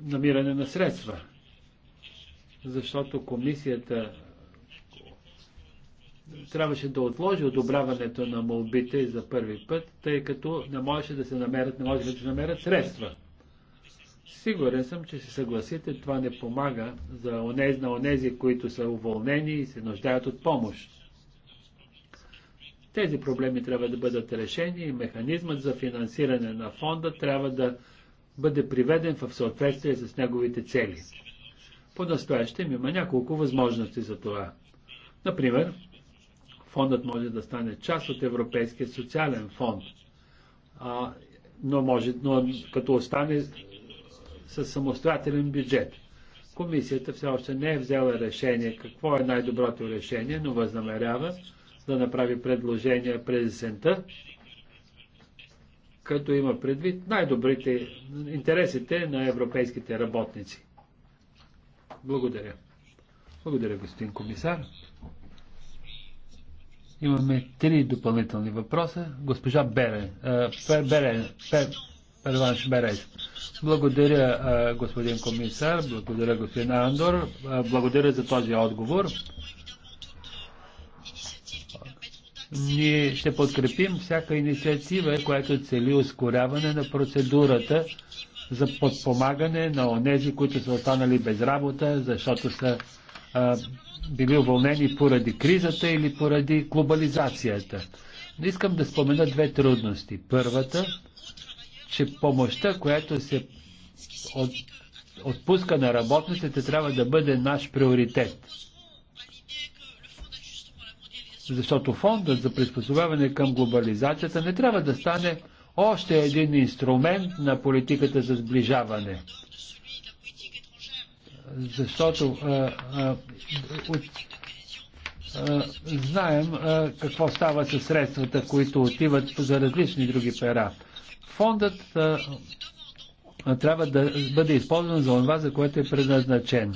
Speaker 1: намиране на средства, защото комисията трябваше да отложи одобряването на молбите за първи път, тъй като не можеше да се намерят, не можеше да се намерят средства. Сигурен съм, че ще съгласите, това не помага за онези, на онези, които са уволнени и се нуждаят от помощ. Тези проблеми трябва да бъдат решени и механизмът за финансиране на фонда трябва да бъде приведен в съответствие с неговите цели. По-настоящем има няколко възможности за това. Например, фондът може да стане част от Европейския социален фонд, а, но, може, но като остане с самостоятелен бюджет. Комисията все още не е взела решение какво е най-доброто решение, но възнамерява да направи предложение през есента, като има предвид най-добрите интересите на европейските работници. Благодаря. Благодаря, господин комисар. Имаме три допълнителни въпроса. Госпожа Берен. Бере. Перланш Береш. Благодаря, господин комисар, благодаря, господин Андор, благодаря за този отговор. Ние ще подкрепим всяка инициатива, която цели ускоряване на процедурата за подпомагане на онези, които са останали без работа, защото са а, били уволнени поради кризата или поради глобализацията. Искам да спомена две трудности. Първата че помощта, която се от, отпуска на работниците, трябва да бъде наш приоритет. Защото фондът за приспособяване към глобализацията не трябва да стане още един инструмент на политиката за сближаване. Защото а, а, а, знаем а, какво става с средствата, които отиват за различни други пера фондът а, трябва да бъде използван за това, за което е предназначен.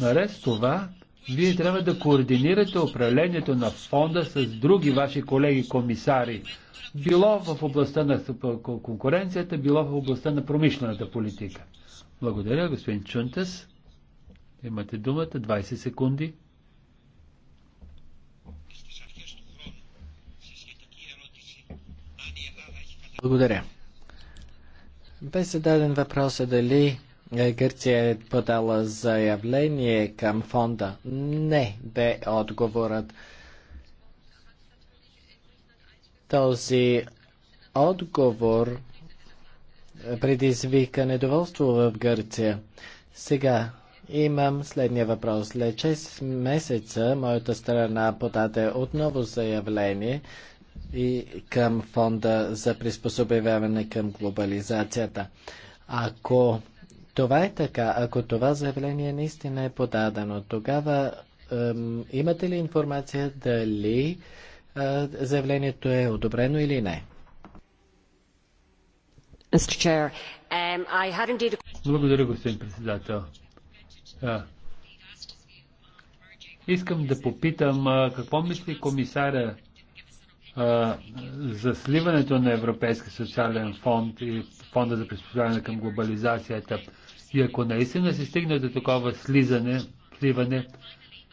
Speaker 1: Наред с това, вие трябва да координирате управлението на фонда с други ваши колеги комисари, било в областта на конкуренцията, било в областта на промишлената политика. Благодаря, господин Чунтес. Имате думата 20 секунди.
Speaker 3: Благодаря. Бе зададен въпрос е дали е, Гърция е подала заявление към фонда. Не, бе отговорът. Този отговор предизвика недоволство в Гърция. Сега имам следния въпрос. След 6 месеца моята страна подаде отново заявление и към фонда за приспособяване към глобализацията. Ако това е така, ако това заявление наистина е подадено, тогава ем, имате ли информация дали е, заявлението е одобрено или не?
Speaker 2: Um,
Speaker 3: Благодаря, господин
Speaker 1: председател. Искам да попитам какво мисли комисара за сливането на Европейски социален фонд и фонда за приспособяване към глобализацията. И ако наистина се стигне до такова слизане, сливане,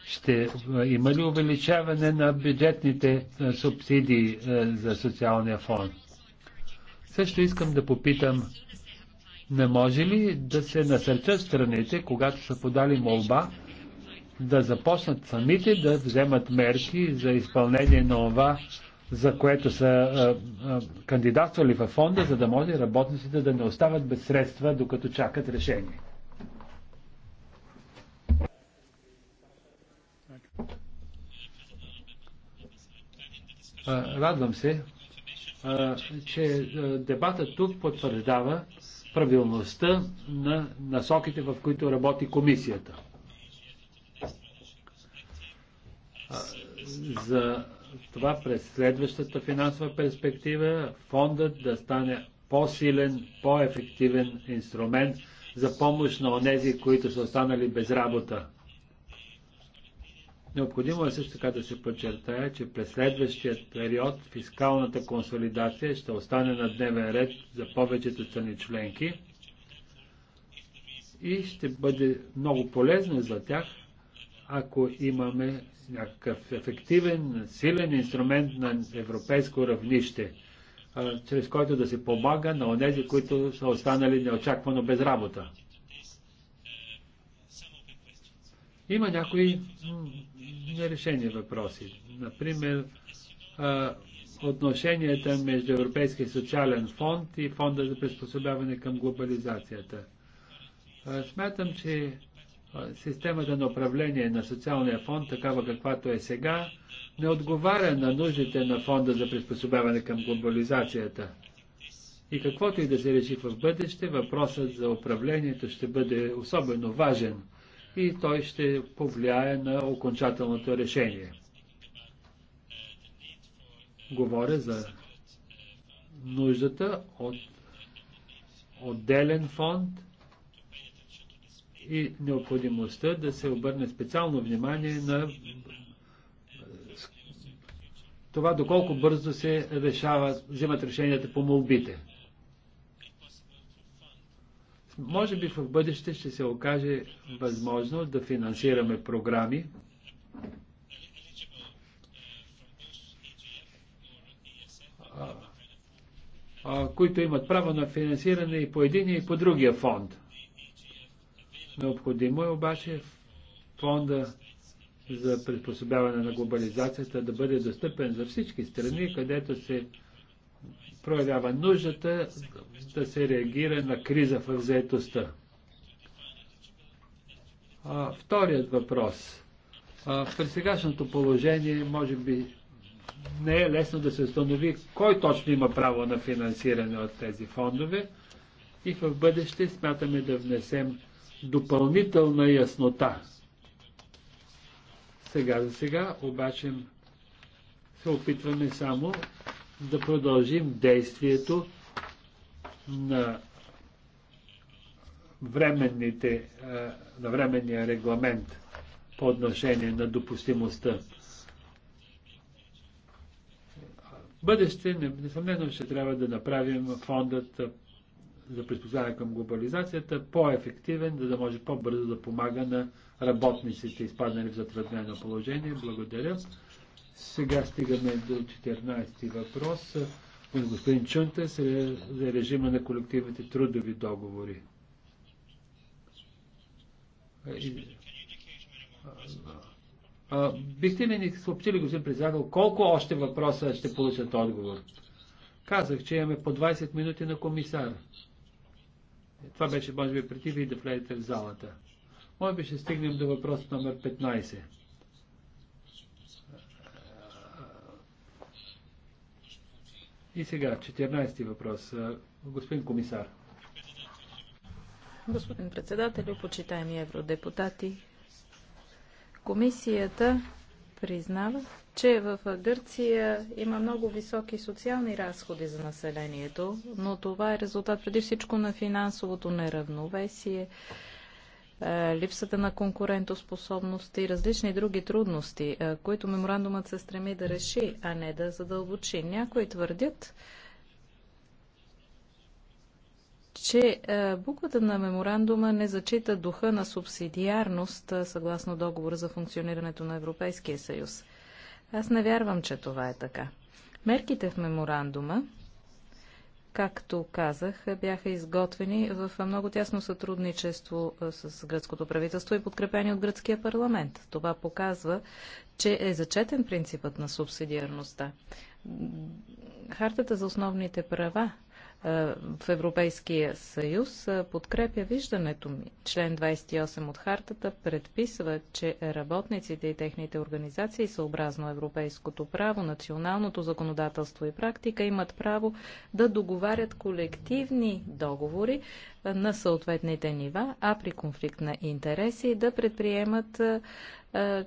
Speaker 1: ще има ли увеличаване на бюджетните субсидии за социалния фонд? Също искам да попитам, не може ли да се насърчат страните, когато са подали молба, да започнат самите да вземат мерки за изпълнение на това, за което са а, а, кандидатствали във фонда, за да може работниците да не остават без средства, докато чакат решение. радвам се, че дебатът тук потвърждава правилността на насоките, в които работи комисията. за това през следващата финансова перспектива фондът да стане по-силен, по-ефективен инструмент за помощ на онези, които са останали без работа. Необходимо е също така да се подчертая, че през следващия период фискалната консолидация ще остане на дневен ред за повечето страни членки и ще бъде много полезно за тях, ако имаме някакъв ефективен, силен инструмент на европейско равнище, чрез който да се помага на онези, които са останали неочаквано без работа. Има някои нерешени въпроси. Например, отношенията между Европейския социален фонд и фонда за приспособяване към глобализацията. Смятам, че системата на управление на социалния фонд, такава каквато е сега, не отговаря на нуждите на фонда за приспособяване към глобализацията. И каквото и да се реши в бъдеще, въпросът за управлението ще бъде особено важен и той ще повлияе на окончателното решение. Говоря за нуждата от отделен фонд – и необходимостта да се обърне специално внимание на е, това доколко бързо се решават, взимат решенията по молбите. Може би в бъдеще ще се окаже възможно да финансираме програми, които имат право на финансиране и по един и по другия фонд. Необходимо е обаче фонда за приспособяване на глобализацията да бъде достъпен за всички страни, където се проявява нуждата да се реагира на криза в заетостта. А, вторият въпрос. А, при сегашното положение може би не е лесно да се установи кой точно има право на финансиране от тези фондове и в бъдеще смятаме да внесем допълнителна яснота. Сега за сега обаче се опитваме само да продължим действието на временните, на временния регламент по отношение на допустимостта. Бъдеще, несъмнено, ще трябва да направим фондът за приспособяване към глобализацията по-ефективен, за да може по-бързо да помага на работниците, изпаднали в затруднено положение. Благодаря. Сега стигаме до 14 ти въпрос. Господин Чунте за режима на колективните трудови договори. Бихте ли ни съобщили, господин председател, колко още въпроса ще получат отговор? Казах, че имаме по 20 минути на комисар. Това беше, може би, преди ви да влезете в залата. Може би ще стигнем до въпрос номер 15. И сега, 14 въпрос. Господин комисар.
Speaker 2: Господин председател, почитаеми евродепутати, комисията признава, че в Гърция има много високи социални разходи за населението, но това е резултат преди всичко на финансовото неравновесие, е, липсата на конкурентоспособност и различни други трудности, е, които меморандумът се стреми да реши, а не да задълбочи. Някои твърдят, че е, буквата на меморандума не зачита духа на субсидиарност съгласно договора за функционирането на Европейския съюз. Аз не вярвам, че това е така. Мерките в меморандума, както казах, бяха изготвени в много тясно сътрудничество с гръцкото правителство и подкрепени от гръцкия парламент. Това показва, че е зачетен принципът на субсидиарността. Хартата за основните права е, в Европейския съюз е, подкрепя виждането ми. Член 28 от хартата предписва, че работниците и техните организации съобразно европейското право, националното законодателство и практика имат право да договарят колективни договори на съответните нива, а при конфликт на интереси да предприемат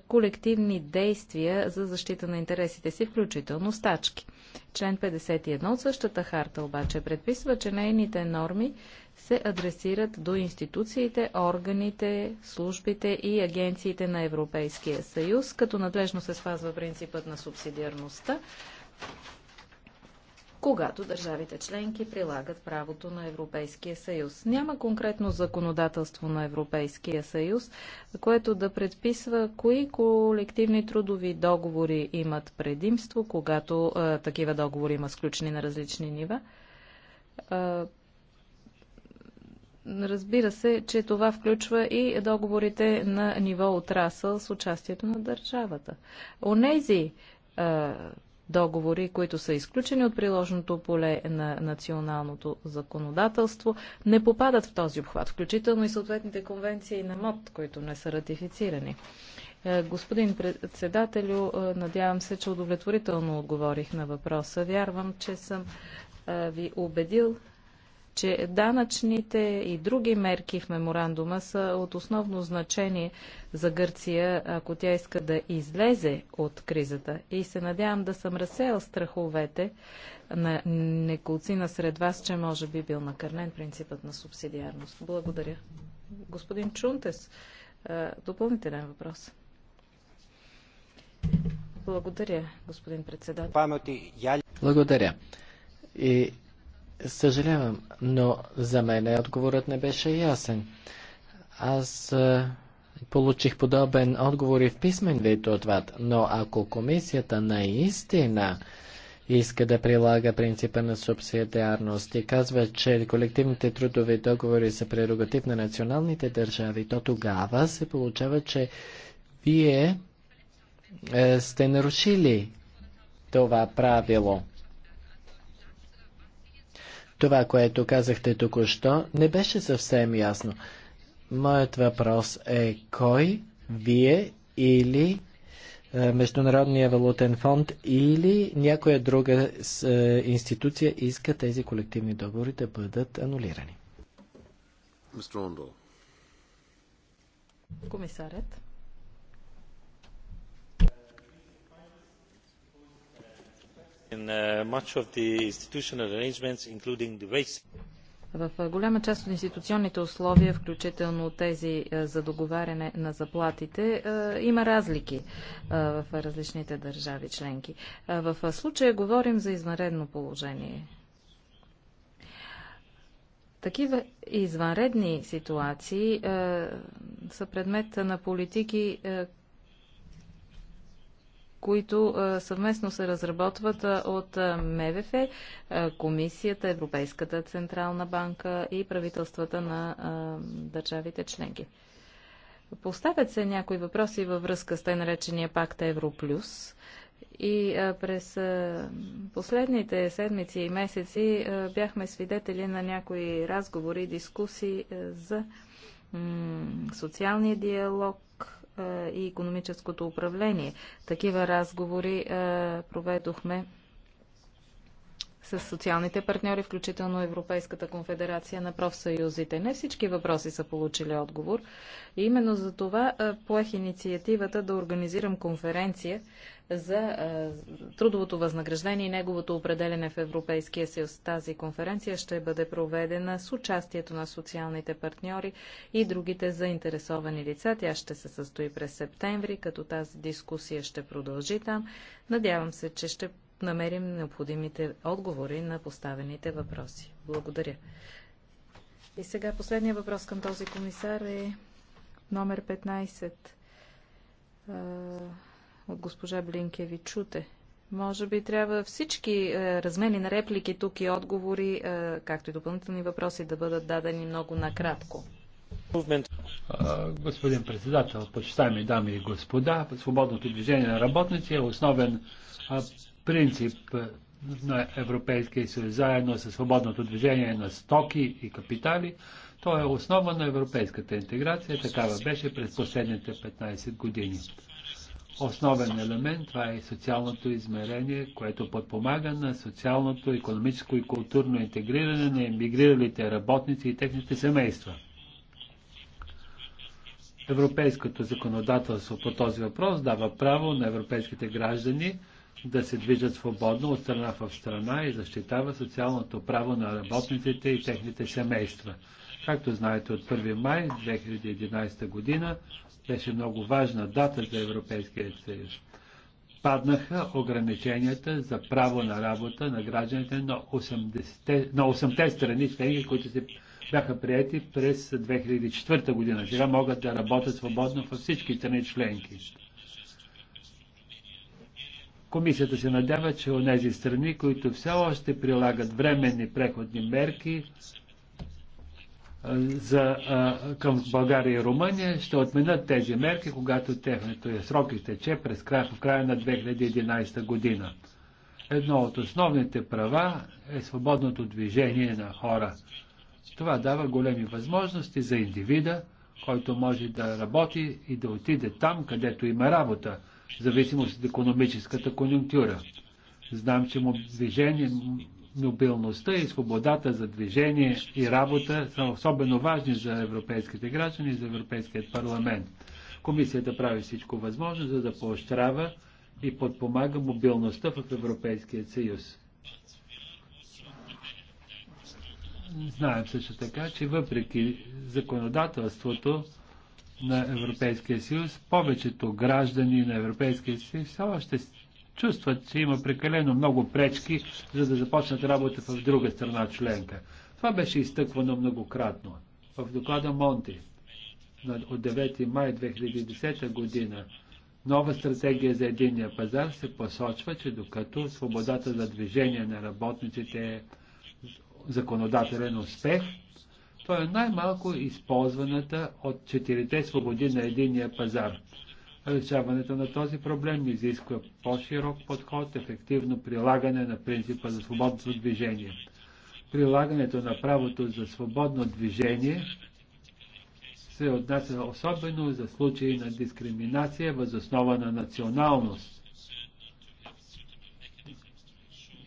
Speaker 2: колективни действия за защита на интересите си, включително стачки. Член 51 от същата харта обаче предписва, че нейните норми се адресират до институциите, органите, службите и агенциите на Европейския съюз, като надлежно се спазва принципът на субсидиарността когато държавите членки прилагат правото на Европейския съюз. Няма конкретно законодателство на Европейския съюз, което да предписва кои колективни трудови договори имат предимство, когато а, такива договори има сключени на различни нива. А, Разбира се, че това включва и договорите на ниво отрасъл с участието на държавата. Онези а, договори, които са изключени от приложното поле на националното законодателство, не попадат в този обхват, включително и съответните конвенции на МОД, които не са ратифицирани. Е, господин председателю, е, надявам се, че удовлетворително отговорих на въпроса. Вярвам, че съм е, ви убедил че данъчните и други мерки в меморандума са от основно значение за Гърция, ако тя иска да излезе от кризата. И се надявам да съм разсеял страховете на неколцина сред вас, че може би бил накърнен принципът на субсидиарност. Благодаря. Господин Чунтес, допълнителен въпрос. Благодаря, господин председател.
Speaker 3: Благодаря. И Съжалявам, но за мен отговорът не беше ясен. Аз а, е, получих подобен отговор и в писмен вид от вас, но ако комисията наистина иска да прилага принципа на субсидиарност и казва, че колективните трудови договори са прерогатив на националните държави, то тогава се получава, че вие е, сте нарушили това правило. Това, което казахте току-що, не беше съвсем ясно. Моят въпрос е кой, вие или е, Международния валутен фонд или някоя друга е, институция иска тези колективни договори да бъдат анулирани.
Speaker 2: Комисарят. Uh, в голяма част от институционните условия, включително тези за договаряне на заплатите, има разлики в различните държави членки. В случая говорим за извънредно положение. Такива извънредни ситуации са предмет на политики, които които съвместно се разработват от МВФ, Комисията, Европейската Централна банка и правителствата на държавите членки. Поставят се някои въпроси във връзка с тъй наречения пакт Европлюс. И през последните седмици и месеци бяхме свидетели на някои разговори и дискусии за социалния диалог, е, и економическото управление. Такива разговори е, проведохме с социалните партньори, включително Европейската конфедерация на профсъюзите. Не всички въпроси са получили отговор. И именно за това е, поех инициативата да организирам конференция, за трудовото възнаграждение и неговото определене в Европейския съюз. Тази конференция ще бъде проведена с участието на социалните партньори и другите заинтересовани лица. Тя ще се състои през септември, като тази дискусия ще продължи там. Надявам се, че ще намерим необходимите отговори на поставените въпроси. Благодаря. И сега последния въпрос към този комисар е номер 15 от госпожа Блинкеви чуте. Може би трябва всички е, размени на реплики тук и отговори, е, както и допълнителни въпроси, да бъдат дадени много накратко.
Speaker 1: Господин председател, почитаеми дами и господа, свободното движение на работници е основен принцип е, на Европейския съюз, заедно с свободното движение на стоки и капитали. То е основа на европейската интеграция, такава беше през последните 15 години основен елемент. Това е социалното измерение, което подпомага на социалното, економическо и културно интегриране на емигриралите работници и техните семейства. Европейското законодателство по този въпрос дава право на европейските граждани да се движат свободно от страна в страна и защитава социалното право на работниците и техните семейства. Както знаете, от 1 май 2011 година беше много важна дата за Европейския съюз. Паднаха ограниченията за право на работа на гражданите на 8-те, на 8-те страни членки, които се бяха прияти през 2004 година. Сега могат да работят свободно във всички страни членки. Комисията се надява, че от тези страни, които все още прилагат временни преходни мерки, за, а, към България и Румъния ще отменят тези мерки, когато техното е срок тече през края, в края на 2011 година. Едно от основните права е свободното движение на хора. Това дава големи възможности за индивида, който може да работи и да отиде там, където има работа, в зависимост от економическата конюнктура. Знам, че движение, мобилността и свободата за движение и работа са особено важни за европейските граждани и за Европейският парламент. Комисията прави всичко възможно, за да поощрява и подпомага мобилността в Европейския съюз. Знаем също така, че въпреки законодателството на Европейския съюз, повечето граждани на Европейския съюз все още чувстват, че има прекалено много пречки, за да започнат работа в друга страна членка. Това беше изтъквано многократно. В доклада Монти от 9 май 2010 година нова стратегия за единния пазар се посочва, че докато свободата за движение на работниците е законодателен успех, той е най-малко използваната от четирите свободи на единния пазар. Решаването на този проблем изисква по-широк подход, ефективно прилагане на принципа за свободното движение. Прилагането на правото за свободно движение се отнася особено за случаи на дискриминация възоснова на националност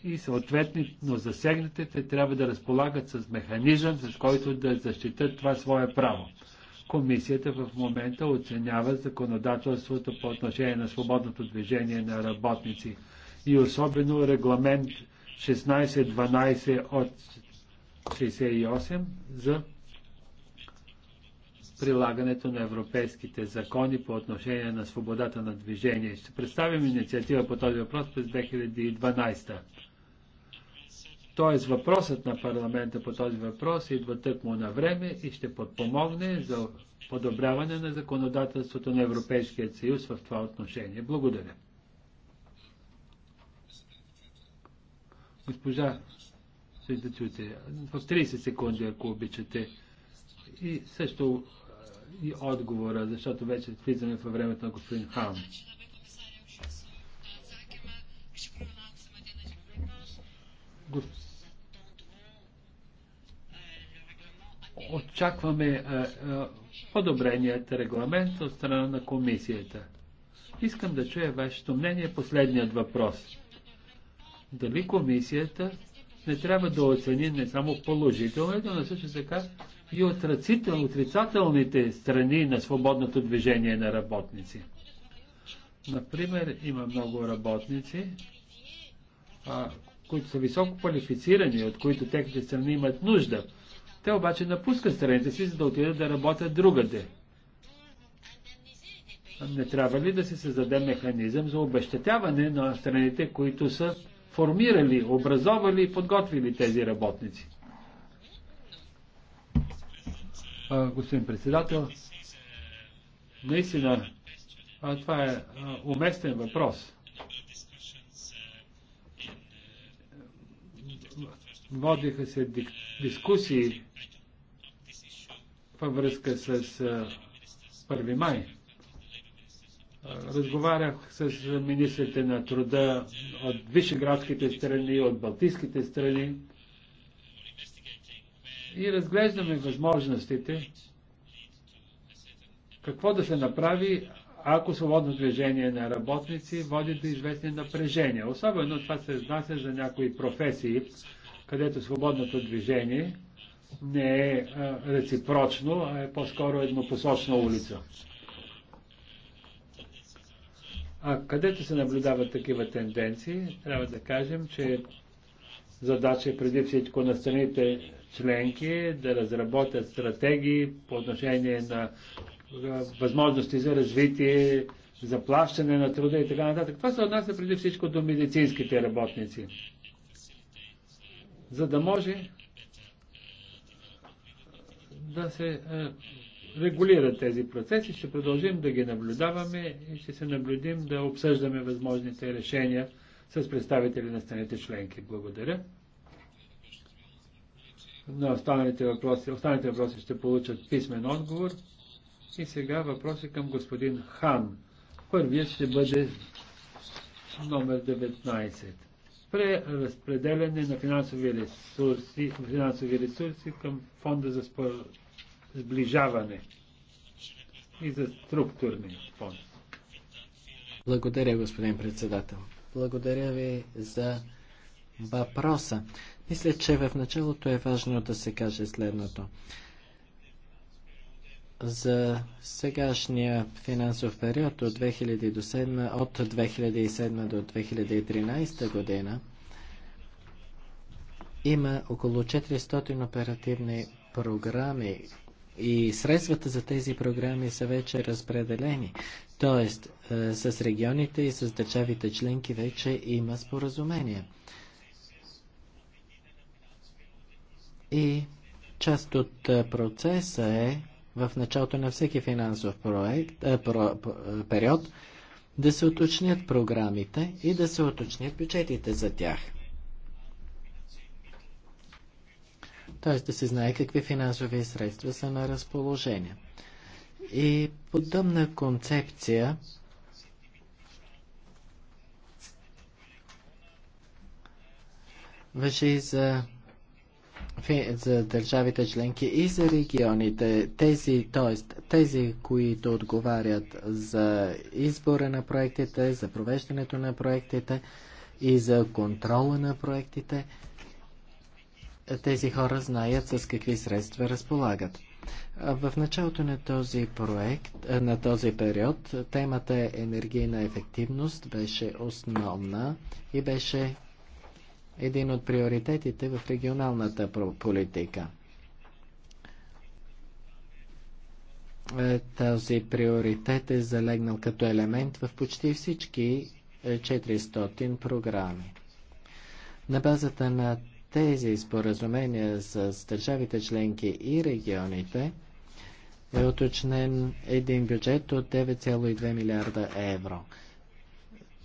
Speaker 1: и съответно засегнатите трябва да разполагат с механизъм, с който да защитат това свое право. Комисията в момента оценява законодателството по отношение на свободното движение на работници и особено регламент 1612 от 68 за прилагането на европейските закони по отношение на свободата на движение. Ще представим инициатива по този въпрос през 2012. Тоест въпросът на парламента по този въпрос идва тъкмо на време и ще подпомогне за подобряване на законодателството на Европейския съюз в това отношение. Благодаря. Госпожа да чуете, в 30 секунди, ако обичате. И също и отговора, защото вече влизаме във времето на господин Хам. Господин очакваме е, е, подобреният регламент от страна на комисията. Искам да чуя вашето мнение последният въпрос. Дали комисията не трябва да оцени не само положителното, но също така и отрицателните страни на свободното движение на работници. Например, има много работници, а, които са високо квалифицирани, от които техните страни имат нужда. Те обаче напускат страните си, за да отидат да работят другаде. Не трябва ли да се създаде механизъм за обещетяване на страните, които са формирали, образовали и подготвили тези работници? господин председател. Наистина, това е уместен въпрос. Водиха се дискусии във връзка с 1 май. Разговарях с министрите на труда от Вишеградските страни, от Балтийските страни и разглеждаме възможностите какво да се направи, ако свободно движение на работници води до известни напрежения. Особено това се изнася за някои професии, където свободното движение не е реципрочно, а е по-скоро еднопосочна улица. А където се наблюдават такива тенденции, трябва да кажем, че задача е преди всичко на страните членки да разработят стратегии по отношение на възможности за развитие, заплащане на труда и така нататък. Това се отнася преди всичко до медицинските работници. За да може да се е, регулират тези процеси. Ще продължим да ги наблюдаваме и ще се наблюдим да обсъждаме възможните решения с представители на страните членки. Благодаря. На останалите въпроси, останалите въпроси ще получат писмен отговор. И сега въпроси към господин Хан. Първият ще бъде номер 19 преразпределяне на финансови ресурси, финансови ресурси към фонда за спор... сближаване
Speaker 3: и за структурни фонд. Благодаря, господин председател. Благодаря ви за въпроса. Мисля, че в началото е важно да се каже следното за сегашния финансов период от 2000 до 7, от 2007 до 2013 година има около 400 оперативни програми и средствата за тези програми са вече разпределени. Тоест, е, с регионите и с държавите членки вече има споразумение. И част от е, процеса е в началото на всеки финансов проект, е, про, е, период да се уточнят програмите и да се уточнят бюджетите за тях. Тоест да се знае какви финансови средства са на разположение. И подобна концепция въжи за за държавите членки и за регионите, тези, т.е. тези, които отговарят за избора на проектите, за провеждането на проектите и за контрола на проектите, тези хора знаят с какви средства разполагат. В началото на този проект, на този период, темата е енергийна ефективност беше основна и беше един от приоритетите в регионалната политика. Е, този приоритет е залегнал като елемент в почти всички 400 е, програми. На базата на тези споразумения с държавите членки и регионите е уточнен един бюджет от 9,2 милиарда евро.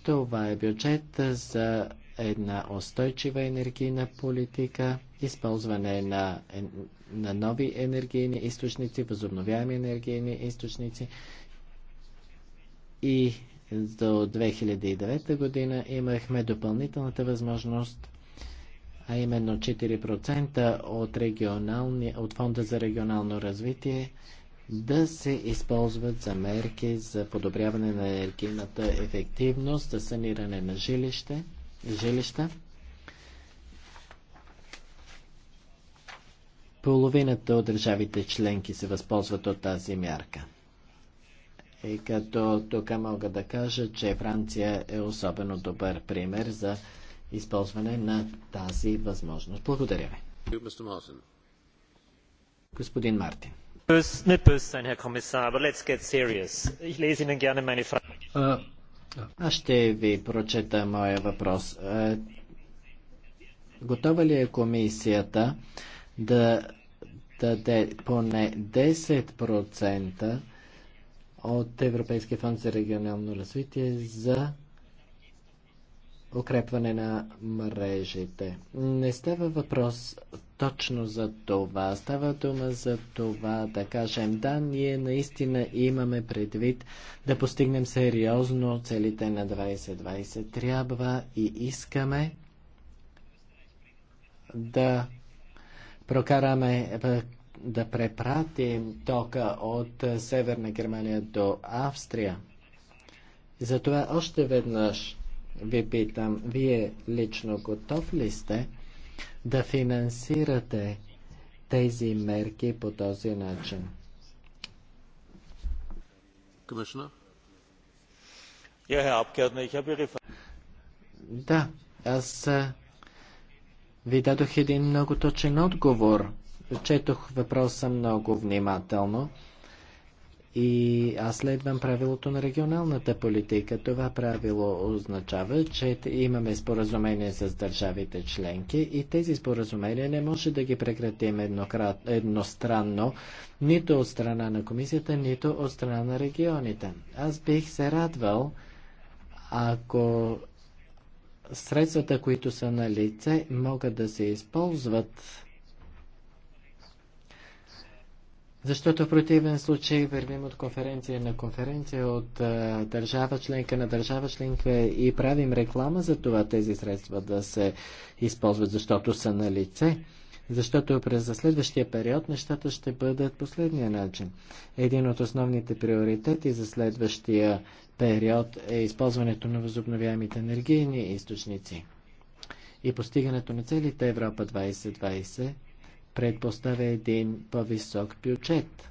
Speaker 3: Това е бюджет за една устойчива енергийна политика, използване на, на нови енергийни източници, възобновяеми енергийни източници и до 2009 година имахме допълнителната възможност а именно 4% от, регионални, от фонда за регионално развитие да се използват за мерки за подобряване на енергийната ефективност, за саниране на жилище жилища. Половината от държавите членки се възползват от тази мярка. И като тук мога да кажа, че Франция е особено добър пример за използване на тази възможност. Благодаря ви. Господин Мартин. Не бös сен, хер комисар, aber let's get serious. Ich lese Ihnen gerne meine Frage. Аз ще ви прочета моя въпрос. Е, готова ли е комисията да даде поне 10% от Европейския фонд за регионално развитие за укрепване на мрежите. Не става въпрос точно за това. Става дума за това да кажем, да, ние наистина имаме предвид да постигнем сериозно целите на 2020. Трябва и искаме да прокараме да препратим тока от Северна Германия до Австрия. Затова още веднъж ви питам, вие лично готов ли сте да финансирате тези мерки по този начин? Да, аз ви дадох един много точен отговор. Четох въпроса много внимателно. И аз следвам правилото на регионалната политика. Това правило означава, че имаме споразумение с държавите членки и тези споразумения не може да ги прекратим еднократ, едностранно, нито от страна на комисията, нито от страна на регионите. Аз бих се радвал, ако средствата, които са на лице, могат да се използват Защото в противен случай вървим от конференция на конференция, от а, държава членка на държава членка и правим реклама за това тези средства да се използват, защото са на лице. Защото през за следващия период нещата ще бъдат последния начин. Един от основните приоритети за следващия период е използването на възобновяемите енергийни източници и постигането на целите Европа 2020 предпоставя един по-висок бюджет.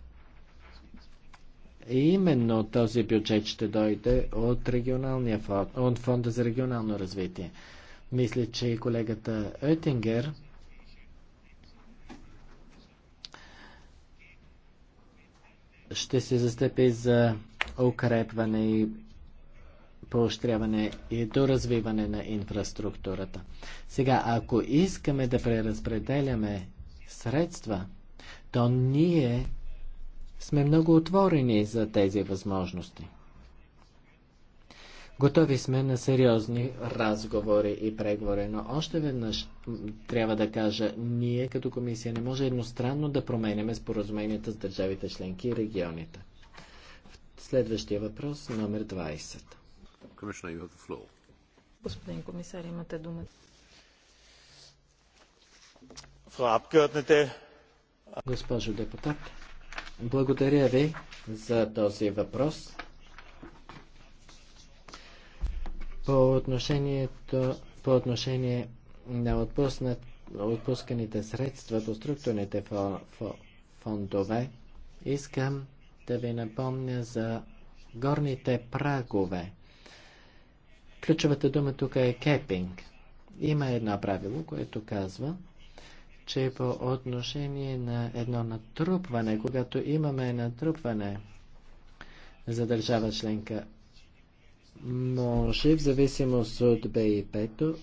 Speaker 3: И именно този бюджет ще дойде от, регионалния фонд, от Фонда за регионално развитие. Мисля, че и колегата Оетингер ще се застъпи за укрепване и поощряване и доразвиване на инфраструктурата. Сега, ако искаме да преразпределяме средства, то ние сме много отворени за тези възможности. Готови сме на сериозни разговори и преговори, но още веднъж трябва да кажа, ние като комисия не може едностранно да променяме споразуменията с държавите членки и регионите. Следващия въпрос, номер 20.
Speaker 2: Господин комисар, имате думата.
Speaker 3: Госпожо депутат, благодаря ви за този въпрос. По, отношението, по отношение на отпусканите средства по структурните фондове, искам да ви напомня за горните прагове. Ключовата дума тук е кепинг. Има едно правило, което казва, че по отношение на едно натрупване, когато имаме натрупване за държава членка, може в зависимост от БИП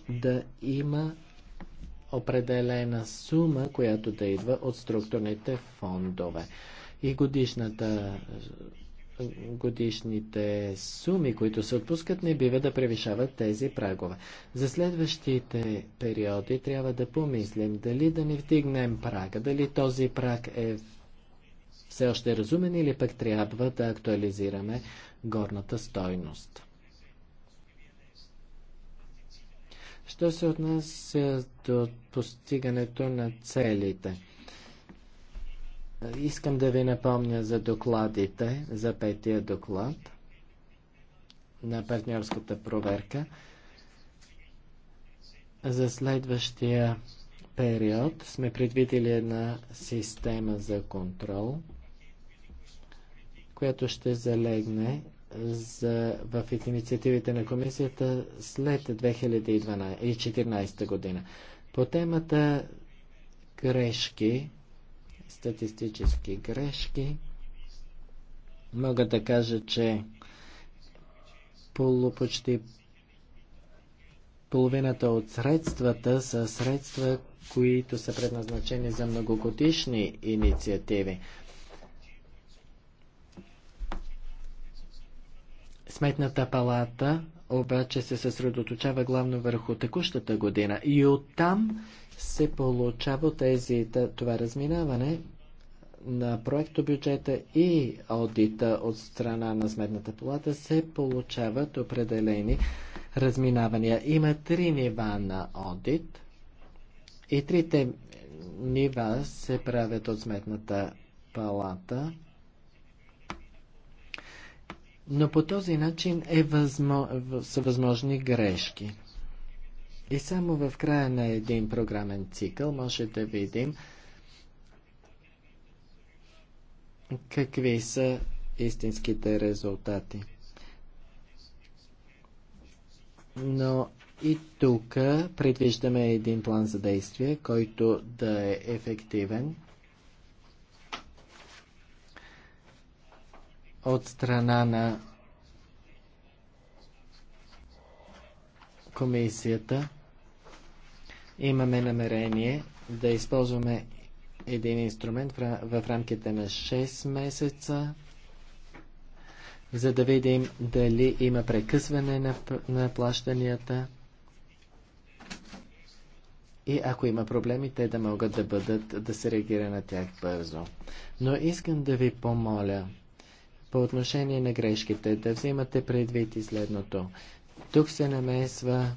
Speaker 3: да има определена сума, която да идва от структурните фондове. И годишната годишните суми, които се отпускат, не бива да превишават тези прагове. За следващите периоди трябва да помислим дали да не вдигнем прага, дали този праг е все още разумен или пък трябва да актуализираме горната стойност. Що се отнася до постигането на целите? Искам да ви напомня за докладите, за петия доклад на партньорската проверка. За следващия период сме предвидили една система за контрол, която ще залегне за, в инициативите на комисията след 2014 година. По темата грешки статистически грешки. Мога да кажа, че полу, почти половината от средствата са средства, които са предназначени за многогодишни инициативи. Сметната палата обаче се съсредоточава главно върху текущата година и оттам се получава тези, това разминаване на проектобюджета и аудита от страна на Сметната палата се получават определени разминавания. Има три нива на аудит и трите нива се правят от Сметната палата. Но по този начин е възмо... са възможни грешки. И само в края на един програмен цикъл може да видим какви са истинските резултати. Но и тук предвиждаме един план за действие, който да е ефективен от страна на комисията. Имаме намерение да използваме един инструмент в рамките на 6 месеца, за да видим дали има прекъсване на, на плащанията и ако има проблеми, те да могат да бъдат, да се реагира на тях бързо. Но искам да ви помоля по отношение на грешките да взимате предвид и следното. Тук се намесва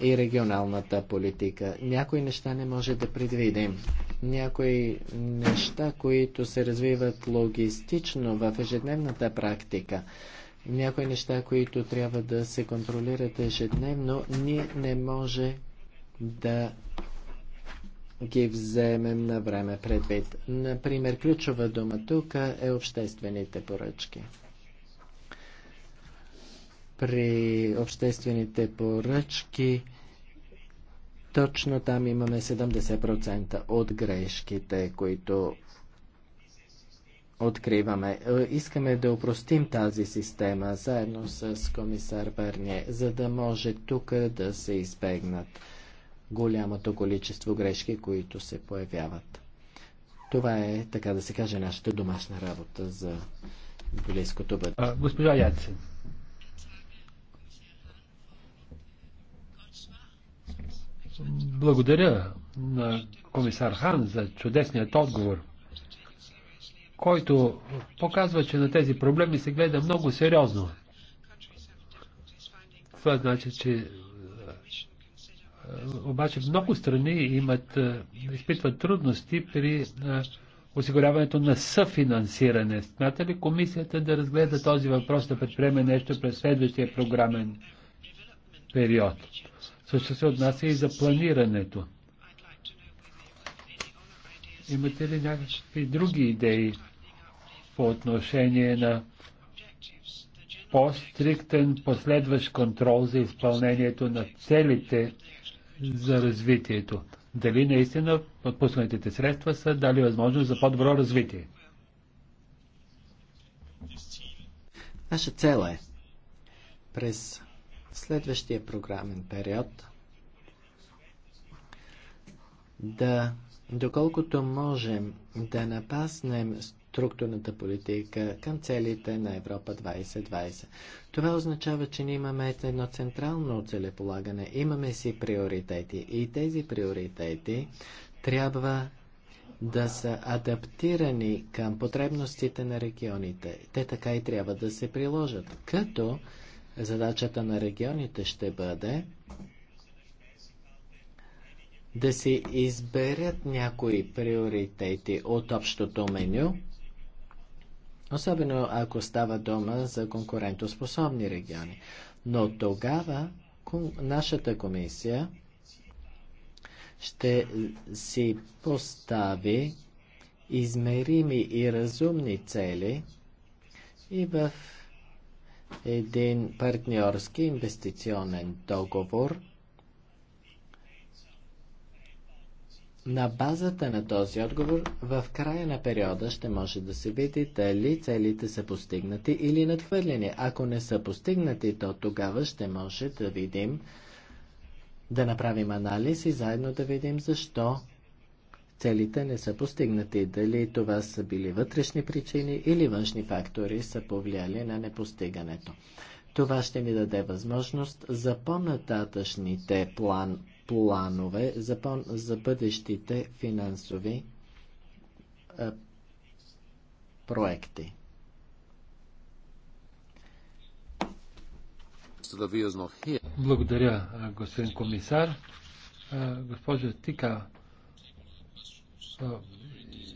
Speaker 3: и регионалната политика. Някои неща не може да предвидим. Някои неща, които се развиват логистично в ежедневната практика, някои неща, които трябва да се контролират ежедневно, ние не може да ги вземем на време предвид. Например, ключова дума тук е обществените поръчки при обществените поръчки точно там имаме 70% от грешките, които откриваме. Искаме да упростим тази система заедно с комисар Бърне, за да може тук да се избегнат голямото количество грешки, които се появяват. Това е, така да се каже, нашата домашна работа за близкото бъдеще. Госпожа Яцин.
Speaker 1: Благодаря на комисар Хан за чудесният отговор, който показва, че на тези проблеми се гледа много сериозно. Това значи, че е, обаче много страни имат, е, изпитват трудности при е, осигуряването на съфинансиране. Смята ли комисията да разгледа този въпрос, да предприеме нещо през следващия програмен период? също се отнася и за планирането. Имате ли някакви други идеи по отношение на по-стриктен последващ контрол за изпълнението на целите за развитието? Дали наистина отпуснатите средства са дали възможност за по-добро развитие?
Speaker 3: Наша цел е през следващия програмен период да, доколкото можем, да напаснем структурната политика към целите на Европа 2020. Това означава, че ние имаме едно централно целеполагане, имаме си приоритети и тези приоритети трябва да са адаптирани към потребностите на регионите. Те така и трябва да се приложат, като задачата на регионите ще бъде да си изберят някои приоритети от общото меню, особено ако става дума за конкурентоспособни региони. Но тогава нашата комисия ще си постави измерими и разумни цели и в един партньорски инвестиционен договор. На базата на този отговор в края на периода ще може да се види дали целите са постигнати или надхвърлени. Ако не са постигнати, то тогава ще може да видим, да направим анализ и заедно да видим защо целите не са постигнати. Дали това са били вътрешни причини или външни фактори са повлияли на непостигането. Това ще ни даде възможност за по-нататъчните план, планове, за, по- за бъдещите финансови а, е, проекти.
Speaker 1: Благодаря, господин комисар. Е, госпожо Тика,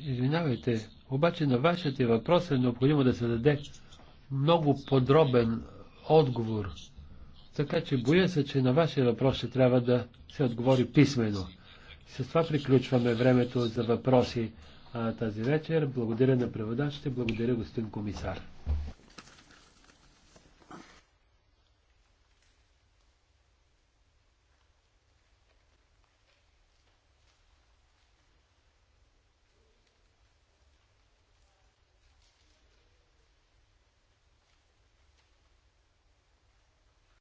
Speaker 1: Извинявайте, обаче на вашите въпроси е необходимо да се даде много подробен отговор. Така че боя се, че на вашия въпрос ще трябва да се отговори писменно. С това приключваме времето за въпроси а, тази вечер. Благодаря на преводачите, благодаря господин комисар.